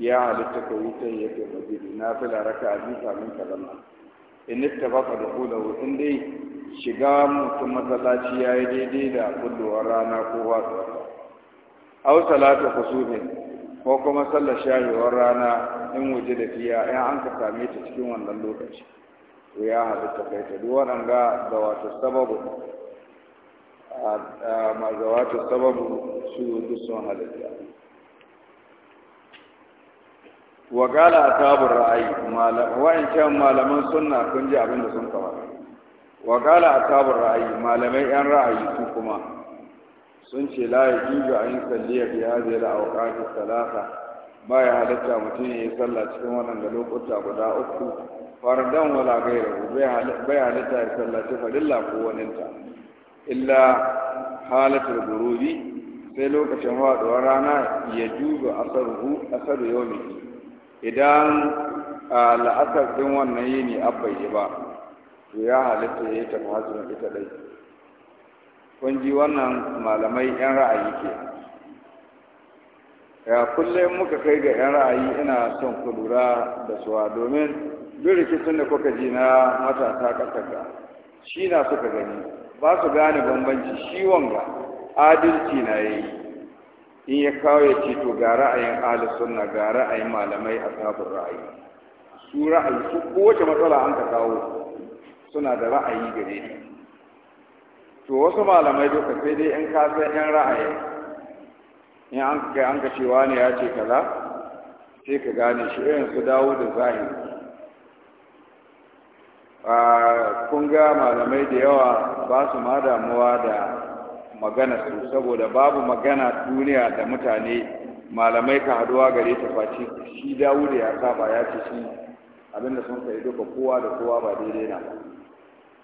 ya halitta ka wuce ya ke majidi na fila raka a jika min kazanna in ta baka da kula in dai shiga mutum masallaci ya yi daidai da kullowar rana ko haduwa au salatu kusuhin ko kuma sallar shayewar rana in waje da fiya in an ka same ta cikin wannan lokaci ya halitta kai ta duk waɗanga da wato sababu a mazawatu sababu su yi sun halitta wa gala a sabon ra'ayi wa'ancan malaman suna kun ji abin da sun kawo wa gala a sabon ra'ayi malamai yan ra'ayi su kuma sun ce la ya jibi a yin salliya fi hazi da awqati salasa ba ya halitta mutum ya yi salla cikin waɗanda lokuta guda uku fardan wala gairar bai halitta ya salla sallaci farilla ko waninta illa halatul gurubi sai lokacin haɗuwar rana ya juba asaruhu asaru yau idan a la'asar ɗin wannan yini abba yi ba to ya halitta ya tafi hajjin ita ɗai kun ji wannan malamai 'yan ra'ayi ke ya kullum muka kai ga 'yan ra'ayi ina son ku lura da suwa domin duk rikicin da kuka ji na matasa ƙasar da shi na suka gani ba su gane bambanci shi wanga adalci na yayi in ya kawo ya ce to ga ra'ayin ahli sunna ga ra'ayin malamai a sabon ra'ayi su ra'ayi su kowace matsala an ka kawo suna da ra'ayi gare ni to wasu malamai duka sai dai in ka san yan ra'ayi in an ka an ka cewa ne ya ce kaza sai ka gane shi irin su dawo da zahiri ah, kun ga malamai da yawa ba su ma damuwa da magana su saboda babu magana duniya da mutane malamai ka haduwa gare ta face shi dawo da ya saba ya ce shi abinda sun sai duka kowa da kowa ba daidai na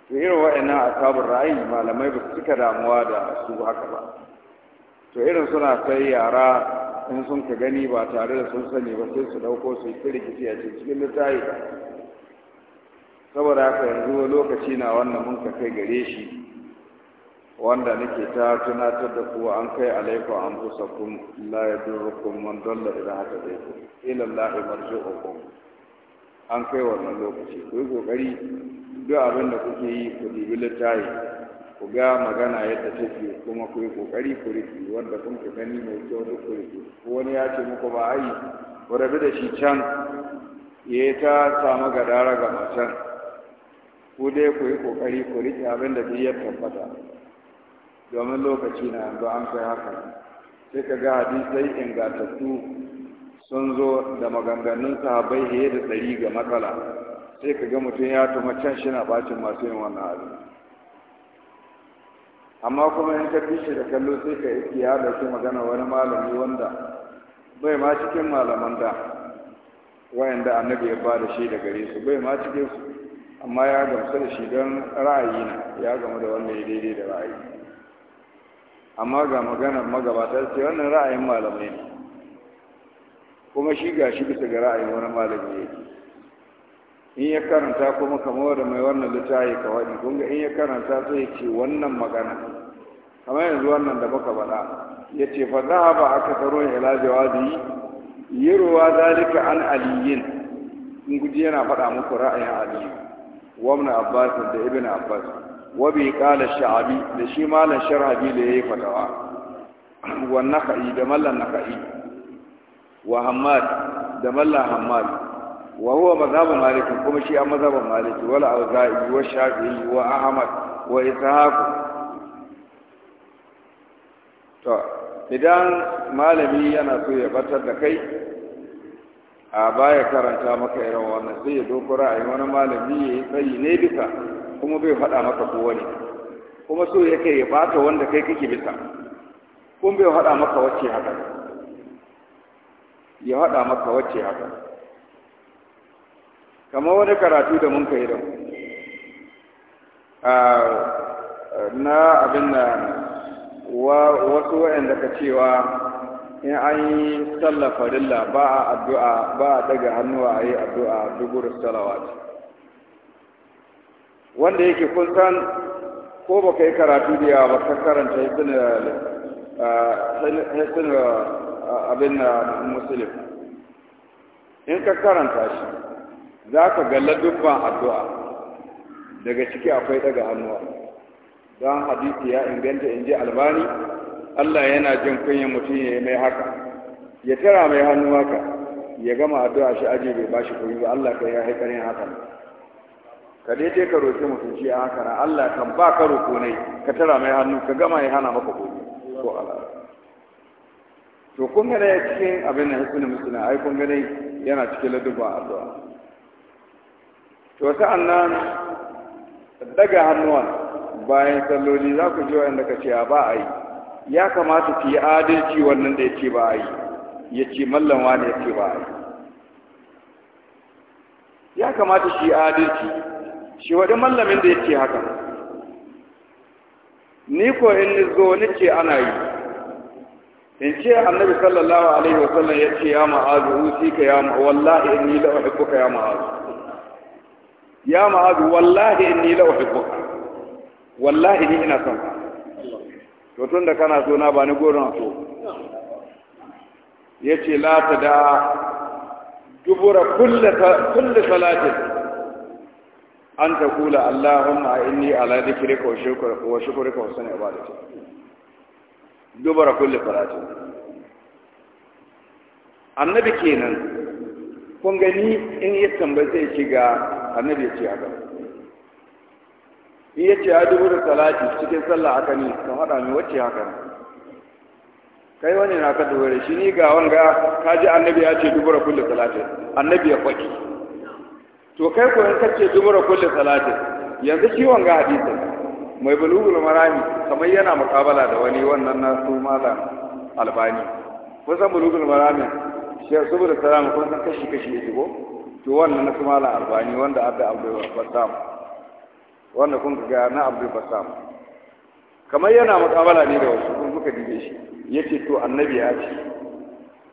to irin wa'annan asabun ra'ayi malamai ba su cika damuwa da su haka ba to irin suna sai yara in sun ka gani ba tare da sun sani ba sai su dauko su yi kirkiti a cikin littafi saboda haka yanzu lokaci na wannan mun ka kai gare shi wanda nake ta tunatar da ku an kai alaikum an busa kun la yadurrukum man dalla idan haka dai ku ila Allah marji'ukum an kai wannan lokaci ku yi kokari duk abin da kuke yi ku dibi littafi ku ga magana yadda take kuma ku yi kokari ku riki wanda kun ka gani mai kyau duk ku riki wani ya ce muku ba ai ku rabu da shi can ya ta samu gadara ga macen ku dai ku yi ƙoƙari ku riƙe abin da ya tabbata domin lokaci na yanzu an kai haka sai ka ga hadisai ingantattu sun zo da maganganun sahabbai fiye da ɗari ga matsala sai ka ga mutum ya tuma can shi na bacin masu yin wannan abin amma kuma in ka fice shi da kallo sai ka iske ya ɗauki magana wani malami wanda bai ma cikin malaman da wayanda annabi ya ba da shi da gare su bai ma cikin su amma ya gamsu da shi don ra'ayi na ya gamu da wanda ya daidai da ra'ayi amma ga maganar magabata ce wannan ra'ayin malamai ne kuma shi ga shi bisa ga ra'ayin wani malami yake in ya karanta kuma kamar da mai wannan littafi ka waɗi kun ga in ya karanta sai ya ce wannan magana kamar yanzu wannan da baka faɗa ya ce fa za ba aka ya ila jawabi yi ruwa zalika an aliyin in guji yana faɗa muku ra'ayin aliyu wa ibn da ibn abbas wa bi qala da shi malan sharhabi da yayi fatawa wa naka'i da mallan naka'i wa hammad da mallan hammad wa huwa mazhabu malik kuma shi an mazhabu malik wa wa ahmad wa idan malami yana so ya batar da kai a baya karanta maka irin wannan sai ya doko ra'ayi wani malami ya yi tsayi ne bisa kuma bai faɗa maka ko wani kuma so yake ya bata wanda kai kake bisa kuma bai faɗa maka wacce haka ya faɗa maka wacce haka kamar wani karatu da mun kai da na abin na wasu wa'anda ka cewa in an yi sallar farilla ba a addu'a ba a daga hannuwa a yi addu'a dubur salawat wanda yake kun san ko ba ka yi karatu da yawa ba ka karanta hisin eh, eh, abin na musulun in ka karanta shi za ka galla dubban addu'a daga ciki akwai daga hannuwa don hadisi ya inganta in ji albani Allah yana jin kunyan mutum ya yi mai haka ya tara mai hannu haka ya gama addu'a shi aje bai bashi kuɗi ba Allah kai ya haikarin haka ka dai dai ka roki mutunci a haka na Allah kan ba ka roƙo ne ka tara mai hannu ka gama ya hana maka kuɗi ko Allah to kun ga dai cikin abin da hukun musulmi ai kun ga dai yana cikin laduba addu'a to sa'annan daga hannuwan bayan salloli za ku ji wa'anda ka ce ba a yi ya kamata ki yi adalci wannan da ya ce ba a yi ya ce mallanwa da ya ce ba a yi ya kamata shi adalci shi waɗin mallamin da ya ce haka ni ko in ni zo ni ce ana yi in ce annabi sallallahu alaihi wa sallam ya ce ya ma'azu usika ya ma wallahi in ni la ka ya ma'azu ya ma'azu wallahi in ni la uhibbuka wallahi ni ina son ka to tun da kana so na ba ni goron so ya ce la ta da dubura kulle salatin an ta kula Allahumma inni ala dhikrika wa shukrika wa sani ibadati dubura kulle salatin annabi kenan kun gani in ya tambaye kiga shiga annabi ya ce haka in yace ya dubu da salati cikin sallah haka ne kan haɗa mai wacce haka kai wani na ka dubu da shi ni ga wanga ka ji annabi ya ce dubu da kulle salati annabi ya faɗi to kai ko in kace dubu da kulle salati yanzu shi wanga hadisi mai bulugul marami kamar yana muƙabala da wani wannan na su malam albani san bulugul marami shi saboda salamu kun san kashi kashi ya shigo to wannan na su malam albani wanda abda abdul fattah wanda kun ga na abdul basam kamar yana mukabala ne da wasu kun kuka dibe shi yace to annabi ya ce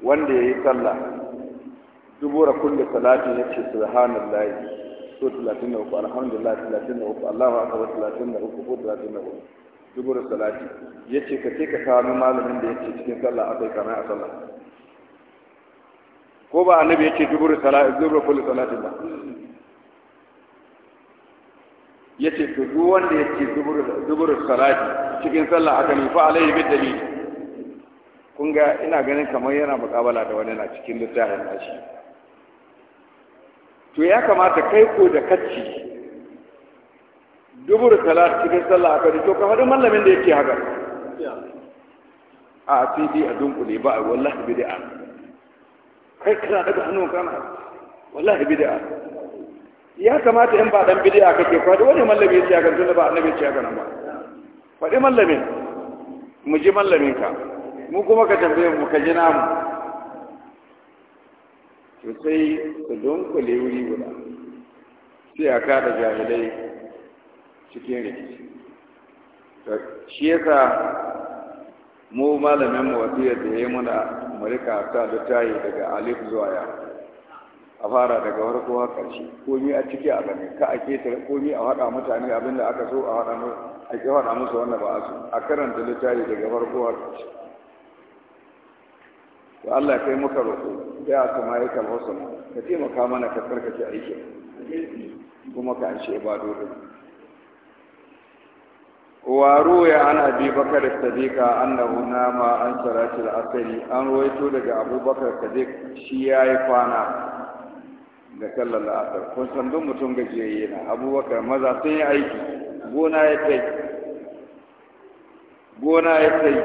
wanda yayi sallah dubura kulli salati yace subhanallahi to 33 alhamdulillah 33 Allahu akbar 33 ko 33 dubura salati yace ka ce ka samu malamin da yace cikin sallah akai kana a sallah ko ba annabi yace dubura salati dubura kulli salati ba ya ce to duk wanda ya ce zubur salati cikin sallah haka ne fa alai bi dalili kun ga ina ganin kamar yana mukabala da wani na cikin littafin nashi to ya kamata kai ko da kacci dubur salati cikin sallah haka ne to ka faɗi mallamin da yake haka a sai dai a dunkule ba a wallahi bid'a kai kana daga hannun kana wallahi bid'a ya kamata in ba dan bid'a kake faɗi wani mallami ya ce ga tunda ba annabi ya ce ga nan ba faɗi mallamin mu ji mallamin ka mu kuma ka tambaye mu ka ji namu to sai don ku wuri guda sai a da jahilai cikin rikici shi yasa mu malamin mu wasiyar da ya yi muna marika ta da tayi daga alif zuwa ya a fara daga farko har ƙarshe ni a ciki a gani, ka a ko ni a haɗa mutane abin da aka so a haɗa a ke haɗa musu wanda ba a so a karanta littafi daga farko har ƙarshe to Allah kai muka roƙo da ya sama ya wasu sama ka taimaka mana ka karkace aiki kuma ka ce ba ashe ibadodin وروي عن ابي بكر الصديق nama an عن صلاه asri an ruwaito daga Abubakar Sadiq shi yayi kwana ga sallar la'asar kun san duk mutum gajiyayye na abubakar maza sun yi aiki gona ya kai, gona ya kai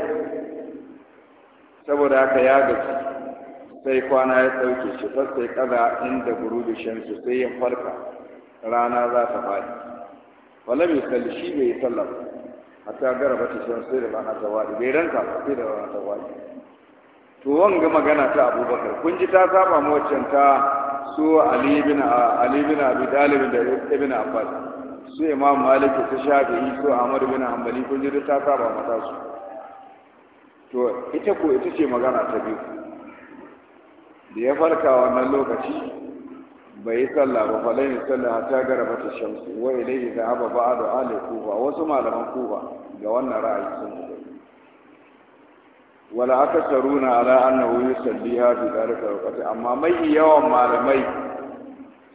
saboda haka ya gaci sai kwana ya sauke shi sai kaza inda gurudu shamsu sai ya farka rana za ta faɗi wala mai salli shi bai yi sallar hatta garaba ta shan sai da rana ta faɗi bai ranka sai da rana ta faɗi to wanga magana ta abubakar kun ji ta saba mu ta su ali bin ali bin abi talib da ibn abbas su imam malik su shafi'i su ahmad bin hanbali ko jira ta saba mata su to ita ko ita ce magana ta biyu da ya farka wannan lokaci bai yi sallah ba falai ne sallah ta garaba ta shamsu wa ilaihi da aba ba'adu ahli kufa wasu malaman kufa ga wannan ra'ayi sun wala aka taruna ala annahu yusalliha fi dhalika waqti amma mai yawan malamai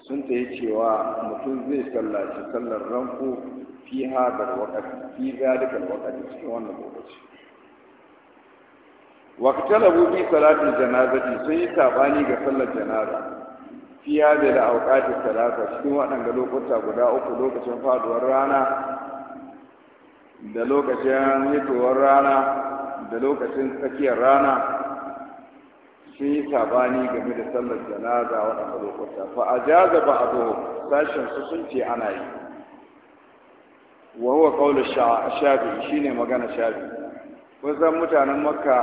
sun ta cewa mutum zai sallaci sallar ranku fi da waqti fi dalika waqti cikin wannan lokaci waqtalabu bi salati janazati sun yi sabani ga sallar janaza fi hadhihi da awqati thalatha cikin waɗanga lokuta guda uku lokacin faduwar rana da lokacin hitowar rana da lokacin tsakiyar rana sun yi sabani game da sallar janaza waɗanda lokuta fa a jaza ba abu sashen su sun ce ana yi wa huwa qawlu shafi ne magana shafi san mutanen makka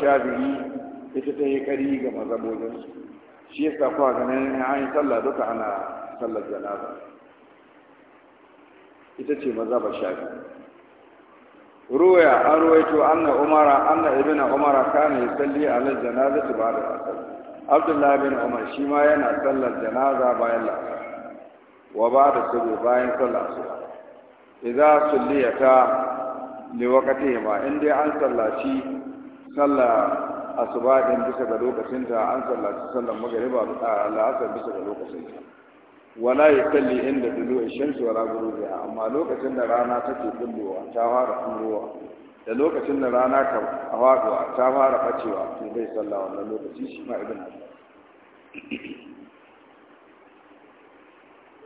shafi yi ita ta yi kari ga maza su shi yasa kuwa ganin an yi sallah duka ana sallar janaza ita ce ba shafi'i ruwaya an ruwaito anna umara anna ibn umara kana yusalli ala janazati ba'da asr abdullah bin umar shi ma yana sallar janaza bayan la'asar wa ba'da subu bayan sallar asuba idza sulliyata li waqtihima in dai an sallaci sallar asuba din bisa ga lokacinta an sallaci sallar magriba la'asar bisa ga lokacinta wala ya kalli inda dulu shamsu wala gurubiya amma lokacin da rana take kullowa ta fara kullowa da lokacin da rana ka faduwa ta fara bacewa to zai sallah wannan lokaci shi ma ibn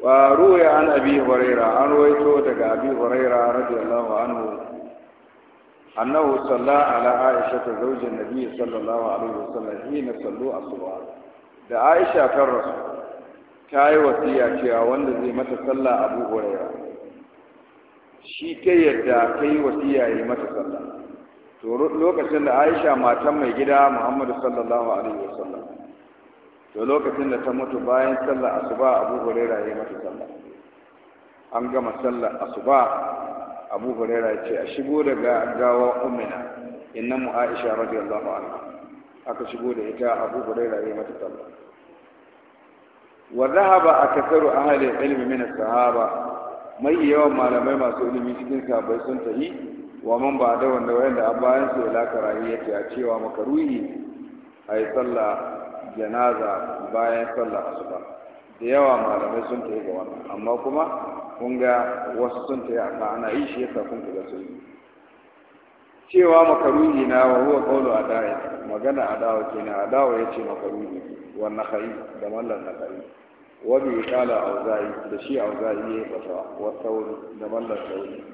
wa ruwaya an abi huraira an ruwaito daga abi huraira radiyallahu anhu annahu salla ala aisha ta zaujin nabi sallallahu alaihi wasallam hina sallu asuba da aisha kan rasul ta yi wasiya cewa wanda zai mata sallah abu huraira shi ta yadda ta yi wasiya yi mata sallah to lokacin da aisha matan mai gida muhammadu sallallahu alaihi wasallam to lokacin da ta mutu bayan sallah asuba abu huraira yi mata sallah an gama sallah asuba abu huraira ce a shigo daga gawa Umina, inna mu aisha radiyallahu anha aka shigo da ita abu huraira yi mata sallah wa zahaba akasaru ahli ilmi min as-sahaba mai yawan malamai masu ilimi cikin sahabbai sun tahi wa man ba da wanda wanda a bayan su ila karahiyati a cewa makaruhi ai sallah janaza bayan sallah asuba da yawa malamai sun tahi ga wannan amma kuma kun ga wasu sun tahi akan ana yi shi yasa kun ga sun yi cewa makaruni na wa huwa a adai magana na dawo ya ce makaruni wa nakhai da mallan nakhai wa bi kala auzai da shi auzai ya fata wa sauri da mallan sauri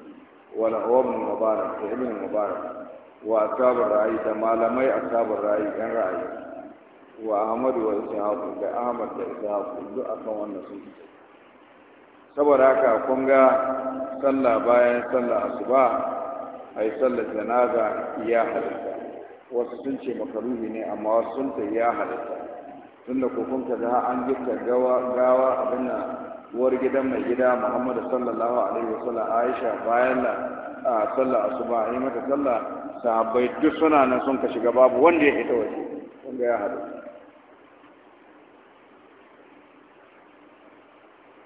wa lahum mubarak da ibn mubarak wa asabul ra'i da malamai asabul ra'i yan ra'i wa ahmadu wa ishaq da ahmad da ishaq duk akan wannan sun saboda haka kun ga sallah bayan sallah asuba a yi sallar janaza ya halitta wasu sun ce makaruhi ne amma wasu sun ce ya halitta tun da kofin ta an gita gawa gawa abin uwar gidan mai gida muhammadu sallallahu alaihi wasallam aisha bayan da a sallar asuba a yi mata ta sahabbai duk suna nan sun ka shiga babu wanda ya hita waje kun ga ya halitta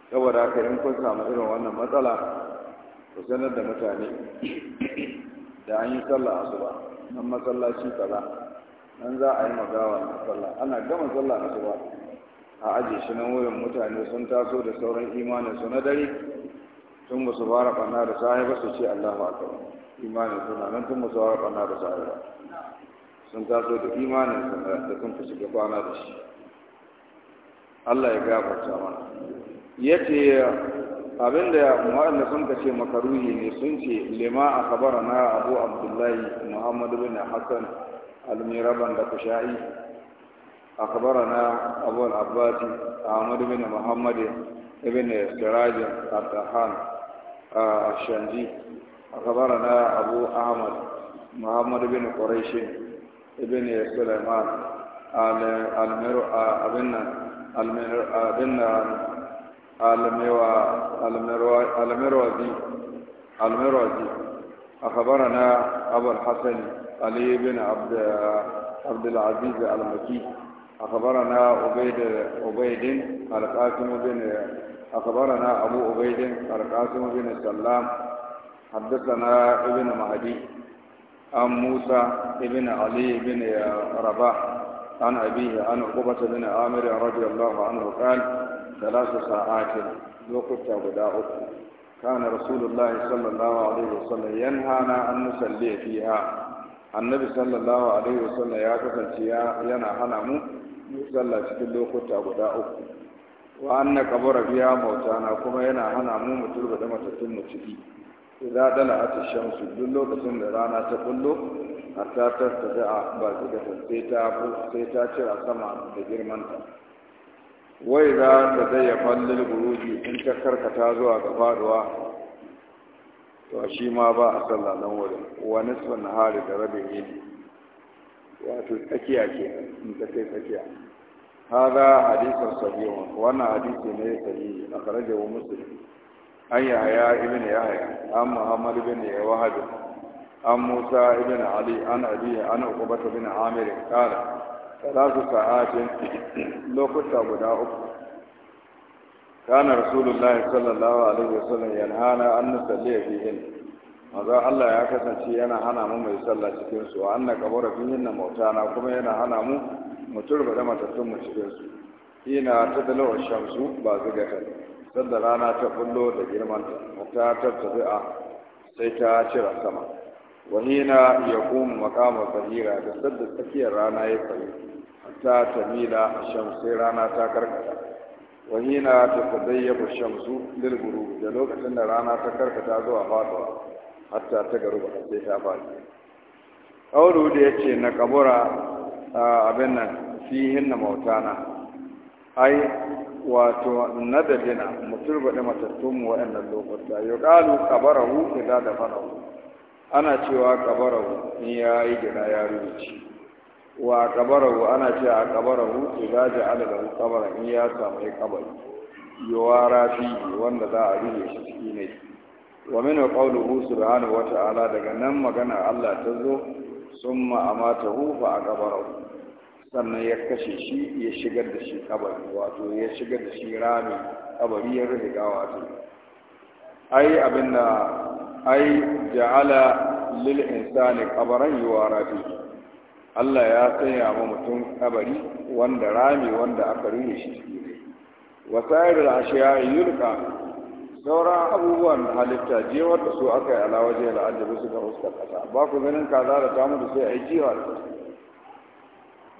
saboda haka in kun samu irin wannan matsala ku sanar da mutane da an yi sallah suba nan masallaci kaza nan za a yi magawa na sallah ana gama sallah suba a aje shi nan wurin mutane sun taso da sauran imanin su na dare tun ba su fara ɓanna da sahi ba su ce Allahu akbar imanin suna nan tun ba su fara ɓanna da sahi ba sun taso da imanin su da sun fi shiga kwana da shi Allah ya gafarta mana yace abinda mu'alla sun ka ce makaruhi ne sun ce lima a kabara na abu abdullahi muhammadu bin hassan almiraban da kusha'i a kabara na abu al'abbasi ahmadu bin muhammadu ibn sirajin abdahan a shanji a kabara na abu ahmad muhammadu bin ƙwarashin ibn suleiman al-mir'a abin nan المروزي المروزي أخبرنا أبو الحسن علي بن عبد عبد العزيز المكي أخبرنا عبيد عبيد القاسم بن أخبرنا أبو عبيد القاسم بن السلام حدثنا ابن مهدي عن موسى ابن علي بن رباح عن أبيه عن عقبة بن عامر رضي الله عنه قال ثلاث ساعات لوقت غدا أكو كان رسول الله صلى الله عليه وسلم ينهانا أن نصلي فيها النبي صلى الله عليه وسلم يا كسنتيا ينا هنا مو صلى cikin lokuta guda uku wa anna qabara mautana kuma yana hana mu muturba da matattun mu ciki idza dala shamsu. duk lokacin da rana ta kullo hatta ta a ba zai ta sai ta cira sama da girmanta wai za ta zai ya fallil buruji in ta karkata zuwa ga faduwa to shi ma ba a sallah nan wuri wani sun hari da rabin yi wato tsakiya ke in ta kai tsakiya هذا hadisar صحيح wannan hadisi ne sahihi akhrajahu muslim an yahya ya haya. an muhammad ya wahab an musa ibn ali an abi an ukubata bin amirin qala salatu sa'atin lokuta guda uku kana rasulullahi sallallahu alaihi wasallam yanhana an nusalli fihin maza Allah ya kasance yana hana mu mai sallah cikin su an na kabura fihin na kuma yana hana mu mu turbada matattun mu cikin su ina ta dalawar shamsu ba zigata sanda rana ta bullo da girman ta ta a sai ta cira sama wahina ya kuma makama sahira da sadda tsakiyar rana ya tsaye ta tamila a sai rana ta karkata wahina ta tadayyabu shamsu lilguru da lokacin da rana ta karkata zuwa faduwa hatta ta garuba sai ta faɗi kauru da yace na kabura abin nan fihin na mautana ai wato nadadina mutum baɗi matattunmu waɗannan lokuta yau ƙalu kabarahu idan da fanahu ana cewa kabarahu ni ya yi gida ya rubuce wa kabarahu ana cewa a kabarahu idan ja ala da kabara in ya samu ya kabari yawa rafi wanda za a rubuce shi ciki ne wa min qawluhu subhanahu wata ala daga nan magana Allah ta zo sun summa hufa a aqbarahu sannan ya kashe shi ya shigar da shi kabari wato ya shigar da shi rami kabari ya rufe gawa ai abin ai ja'ala lil insani qabran yuwara Allah ya sanya ma mutum kabari wanda rami wanda aka rine shi wasairul ashiya yulqa sauran abubuwan halitta jewar da su aka yi ala waje da ajabi su ga fuskar kasa ba ku ganin kaza da ta mutu sai a yi jiwa da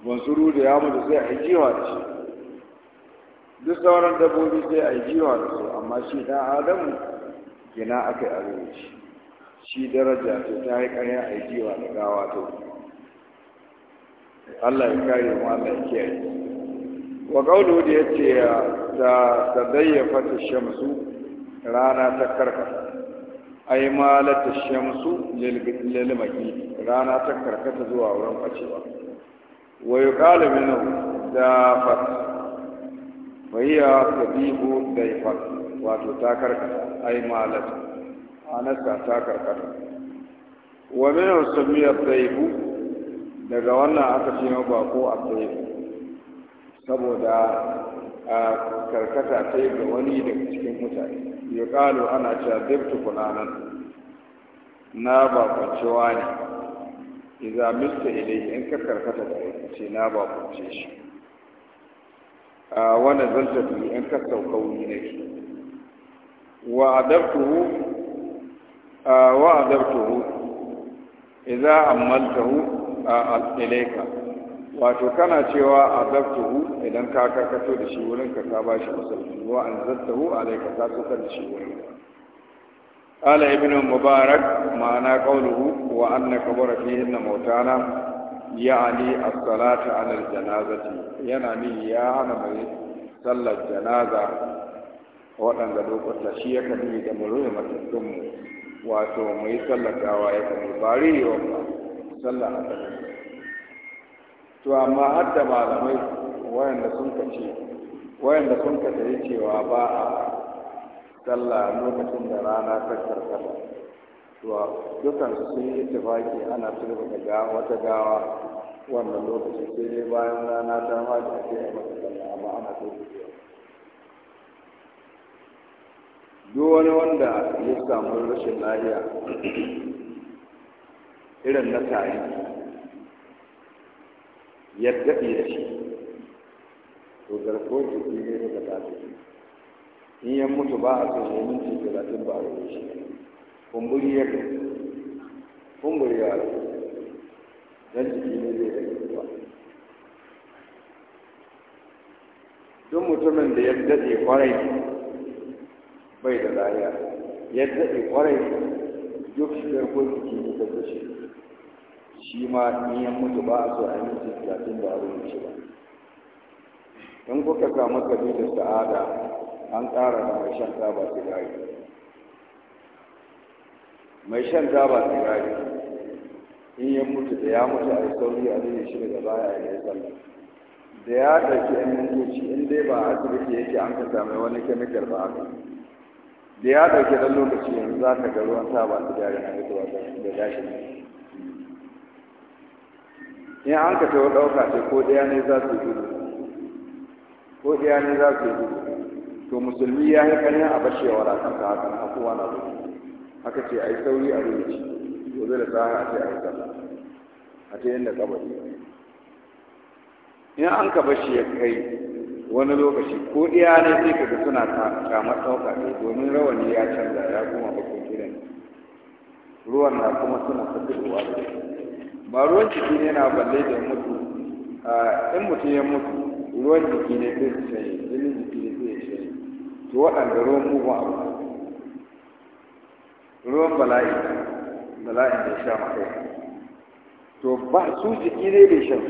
bunsuru da ya mutu sai a yi jiwa da shi duk sauran dabbobi sai a yi jiwa da su amma shi dan adamu Gina aka yi abin shi shi daraja to ta yi ƙarya a yi jiwa da gawa to Allah ya kare mu Allah ya kiyaye wa kaulu da ce ta fata shamsu rana ta karka ai ta shamsu lil maki rana ta karkata zuwa wurin facewa wa yuqalu minhu da fata وهي تبيب daifar wato اي karkata انا تتاكر ومن سمي الضيف daga wannan aka ce bako a daifu saboda karkata ta ga wani daga cikin mutane ya kalu ana cewa daiftu fulanan na bakwancewa ne iza mista ilai in ka karkata da ce na bakwance shi wani zaltatu in ka sauka wuri ne wa adabtuhu wa adabtuhu idza ammaltahu ilayka wato kana cewa adabtuhu idan ka karkato da shi wurin ka ka bashi masauki wa anzaltahu alayka ka so da shi wurin Mubarak ma'ana مبارك wa Annaka وأن كبر فيهن موتانا ya'ani as-salata 'ala al-janazati yana ni ya hana mai sallar janaza waɗanda lokuta shi ya kan da mururi matattun mu wato mai sallar gawa ya kan ba riyewa ba sallar a to amma har da malamai wayanda sun kace wayanda sun kace cewa ba a sallah lokacin da rana ta karkata to dukan su sun yi tafaki ana turba da wata gawa wannan lokacin sai dai bayan rana ta faɗi a cikin a sallah amma ana turba duk wani wanda ya samu rashin lafiya irin na tari ya daɗe da shi to garkuwar jiki ne daga tafi in ya mutu ba a son ya minti talatin ba a rubuce kumburi ya kai kumburi ya kai don jiki ne zai rage ba duk mutumin da ya daɗe kwarai bai da lafiya ya daɗe kwarai duk shigar ko jiki ne ta kashe shi ma in ya mutu ba a so a yi mutu kafin da abin shi ba in kuka samu kabilar sa'ada an ƙara da mai shan taba sigari mai shan taba tsirari in ya mutu da ya mutu a sauri a zai shi daga baya a yi sallah da ya ɗauki yan mintoci in dai ba a asibiti yake an ka samu wani kemikal ba haka da ya ɗauki ɗan lokaci yanzu za ka ga ruwan taba tsirari na mutuwa da gashin in an ka tawo ɗauka ce ko ɗaya ne za su gudu ko ɗaya ne za su gudu to musulmi ya yi ƙarya a bashewa kan ka haka na kowa na gudu aka ce ai sauri a rubuci gobe da sa'a a ce a yi sallah a ce yadda kabari in an ka bashi ya kai wani lokaci ko iya ne sai kaga suna kamar ɗauka ne domin rawani ya canza ya kuma bakin kiran ruwan na kuma suna fitowa da ba ruwan jiki ne na balle da mutu in mutum ya mutu ruwan jiki ne zai shanye jinin jiki ne zai shanye to waɗanda ruwan mugun abu ruwan bala'i bala'i da sha mai to ba su jiki ne da shan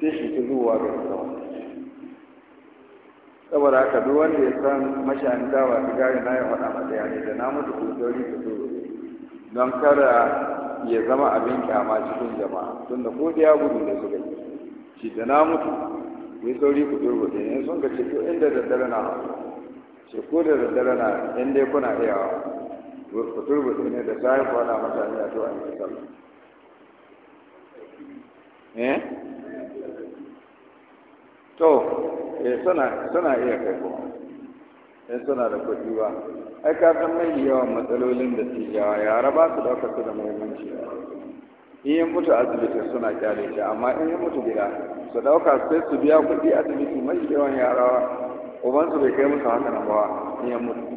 sai shi ta zuwa ga kawa saboda haka duk wanda ya san mashayin dawa ta gari na ya faɗa mata ya ne da na mutu ko sauri ta zo don kada ya zama abin kyama cikin jama'a tunda ko da ya gudu da suka shi da na mutu ku sauri ku turbo da yanzu sun ga ce ko inda daddare na ce ko da daddare na in dai kuna iyawa kuturbutu ne da sayan kwana mutane a eh? to eh, suna iya kai suna da ai ka san mai matsalolin da tijawa yara ba mutu asibiti suna kyale amma in ya mutu gida su ɗauka sai su biya kuɗi asibiti mai yawan yara ubansu bai kai musu haka na ba mutu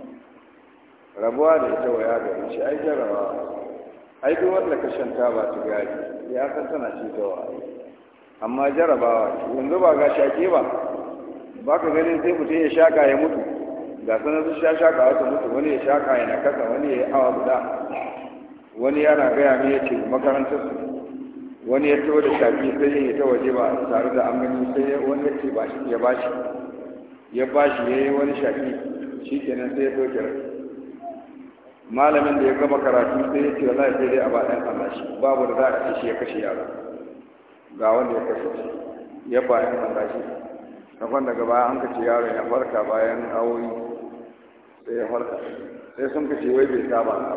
rabuwa da ita waya gari shi ai jarawa ai duk wanda ka shanta ba ta gari ya san tana cutarwa amma jarabawa yanzu ba ga shake ba ba ka ganin sai mutum ya shaka ya mutu ga sanar su sha shaka ya mutu wani ya shaka ya kasa, wani ya yi awa guda wani yana gaya mai ya ce makarantar su wani ya tawo da shafi sai ya ta waje ba tare da an gani, sai wani ya ce ya bashi ya bashi ya yi wani shafi shi kenan sai ya ɗauke rai malamin da ya gama karatu sai ya ce wallahi sai dai a baɗin Allah shi babu da za a ce shi ya kashe yara ga wanda ya kashe shi ya bayan Allah shi sakon daga baya an kace yaron ya farka bayan awoyi sai ya farka sai sun kace wai bai saba na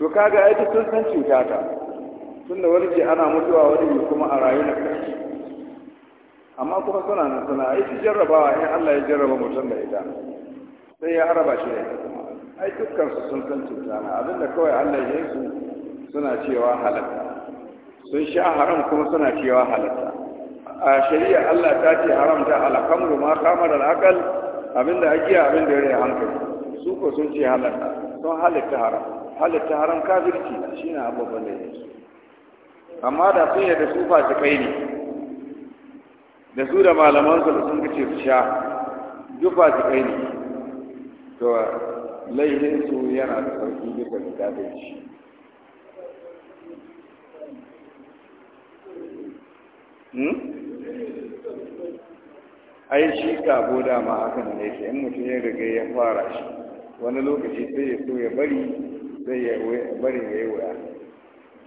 to kaga aiki sun san cuta ta wani ce ana mutuwa wani kuma a rayu na kashi amma kuma suna nan suna aiki jarrabawa in Allah ya jarraba mutum da ita sai ya haraba shi da ai dukkan su sun san cuta na abinda kawai Allah ya yi su suna cewa halatta sun sha haram kuma suna cewa halatta a shari'a Allah ta ce haramta alhamdu ma kamar al'akal abinda agiya abinda ya rai hankali su ko sun ce halatta sun halitta haram halitta haram kafirci shine abubuwan da yi. amma da sun yadda su kai ne da su da malaman su da sun kace su sha duk kai ne to laihin su yana da sauki da ga dadaici hmm? ai shi kabo dama hakan ya yake in mutum ya riga ya fara shi wani lokaci sai ya so ya bari sai ya bari ya yi wuya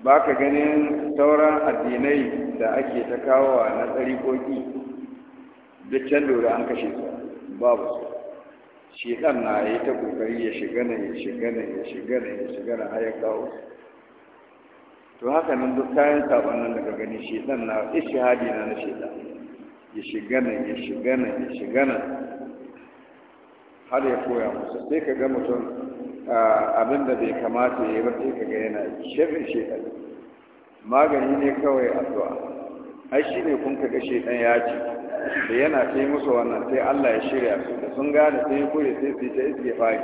ba ka ganin sauran addinai da ake ta kawowa na tsarikoki duk can lura an kashe su babu su shekan na yi ta kokari ya shiga na ya shiga na ya shiga na ya shiga na har ya kawo to haka nan duk kayan sabon nan daga gani shekan na hadi na na shekan ya shiga na ya shiga na ya shiga na har ya koya musu sai ka ga mutum abin da bai kamata ya yi ba sai ka ga yana shirin shekan magani ne kawai addu'a ai shi ne kun ka ga shekan ya ce da yana kai musu wannan sai Allah ya shirya su da sun gane sai ya kure sai su ta iske fari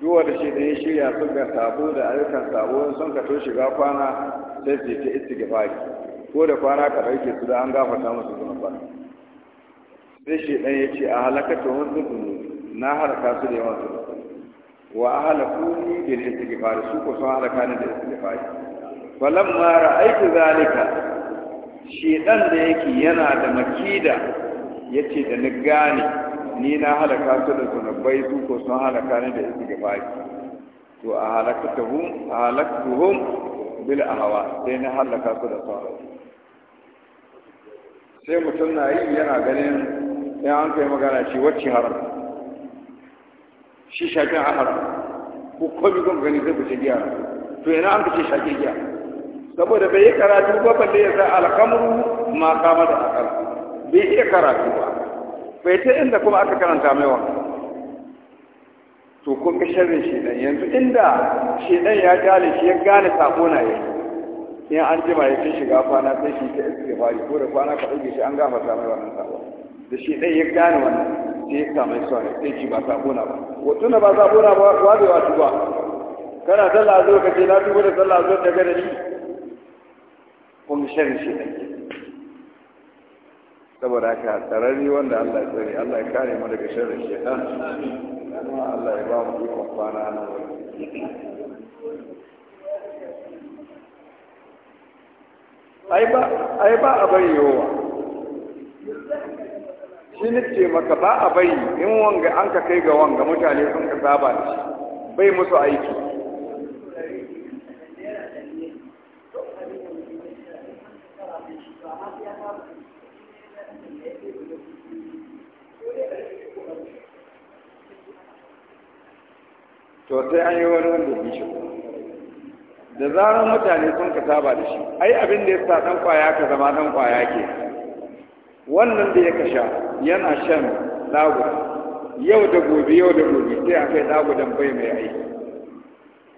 duk wanda shi da ya shirya su ga sabo da ayyukan sabo sun kato shiga kwana sai su ta iske fari ko da kwana ka ɗauke su da an gafarta musu zunuban sai shi ɗan ya ce a halakata wani na harka su da yawan zunubi wa ya iske istighfar su ko sun halaka ne da istighfar falamma ra'aytu zalika shedan da yake yana da makida yace da ni gane ni na halaka su da zunubai su ko sun halaka ni da ki to a halakatuhum halakatuhum bil ahwa sai na halaka su da sawa sai mutum na yi yana ganin sai an kai magana shi wacce haram shi shafin haram ko komi kuma gani zai ku ce giya to yana an kace ce shafin giya saboda bai yi karatu ba balle ya sa alkamru ma kama da akal bai iya karatu ba bai ta inda kuma aka karanta mai wa to kun ga sharrin dan yanzu inda shi dan ya gane shi ya gane sako na yi in an jima ya ce shiga kwana sai shi ta istighfari ko da kwana ka ɗauke shi an gama mai wannan sako da shi dan ya gane wannan sai ya sa mai ne sai shi ba sako na ba wato na ba sako na ba wa bai wa tuba kana sallah zo ka na tuba da sallah zo ta ga ni kun shari shi ne saboda haka tsararri wanda Allah ya tsari Allah ya kare mu daga shi da kuma Allah ya ba mu ikon kwana wani. ai ba ai ba a bayyowa shi nake maka ba a bai in wanga an ka kai ga wanga mutane sun ka saba da shi bai musu aiki to sai an yi wani wanda ya shi da zarar mutane sun ka saba da shi ai abin da ya sa dan kwaya ka zama dan kwaya ke wannan da ya kasha yana shan laguda yau da gobe yau da gobe sai a kai dan bai mai aiki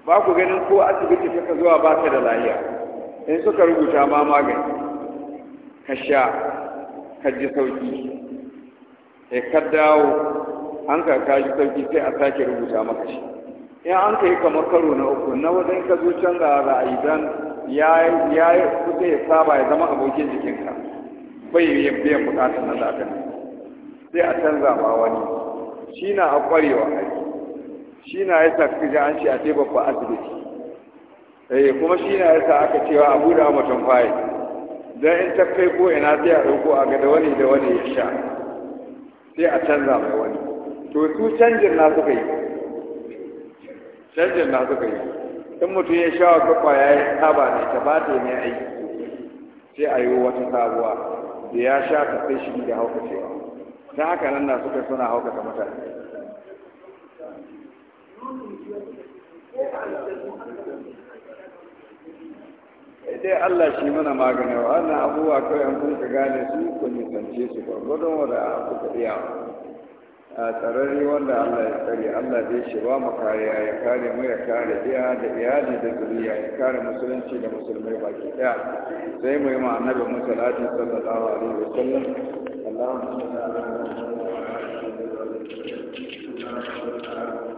ba ku ganin ko asibiti suka zuwa ba ka da lahiya in suka rubuta ma magani ka sha ka ji sauki e ka dawo an ka kaji sauki sai a sake rubuta maka shi in an kai kamar karo na uku na wajen ka zo da ra'ayi dan ya yi kusa ya saba ya zama abokin jikinka bai yi biyan bukatar na zaɓen sai a canza ma wani shi na a kwarewa aiki shi na ya sa kuka an ce a ce babba asibiti eh kuma shi na ya sa aka cewa a buɗe wa mutum fayi don in ta kai ko ina sai a ɗauko a ga da wani da wani ya sha sai a canza mai wani to su canjin na suka yi canjin na suka yi in mutum ya sha wata kwaya ya taba ne ta ba ta ne aiki sai a yi wata sabuwa da ya sha ta sai shi da hauka cewa ta haka nan na suka suna hauka ta mutane dai Allah shi mana magana wa Allah abubuwa kawai an kuka gane su kun nisance su gudunwa da kuka iya a tsararri wanda Allah ya tsare Allah zai shi ba mu kariya ya kare mu ya kare iya da iyali da zuriya ya kare musulunci da musulmai baki daya sai mu yi ma annabi musallati sallallahu alaihi wa sallam Allahumma salli ala Muhammad wa ala alihi wa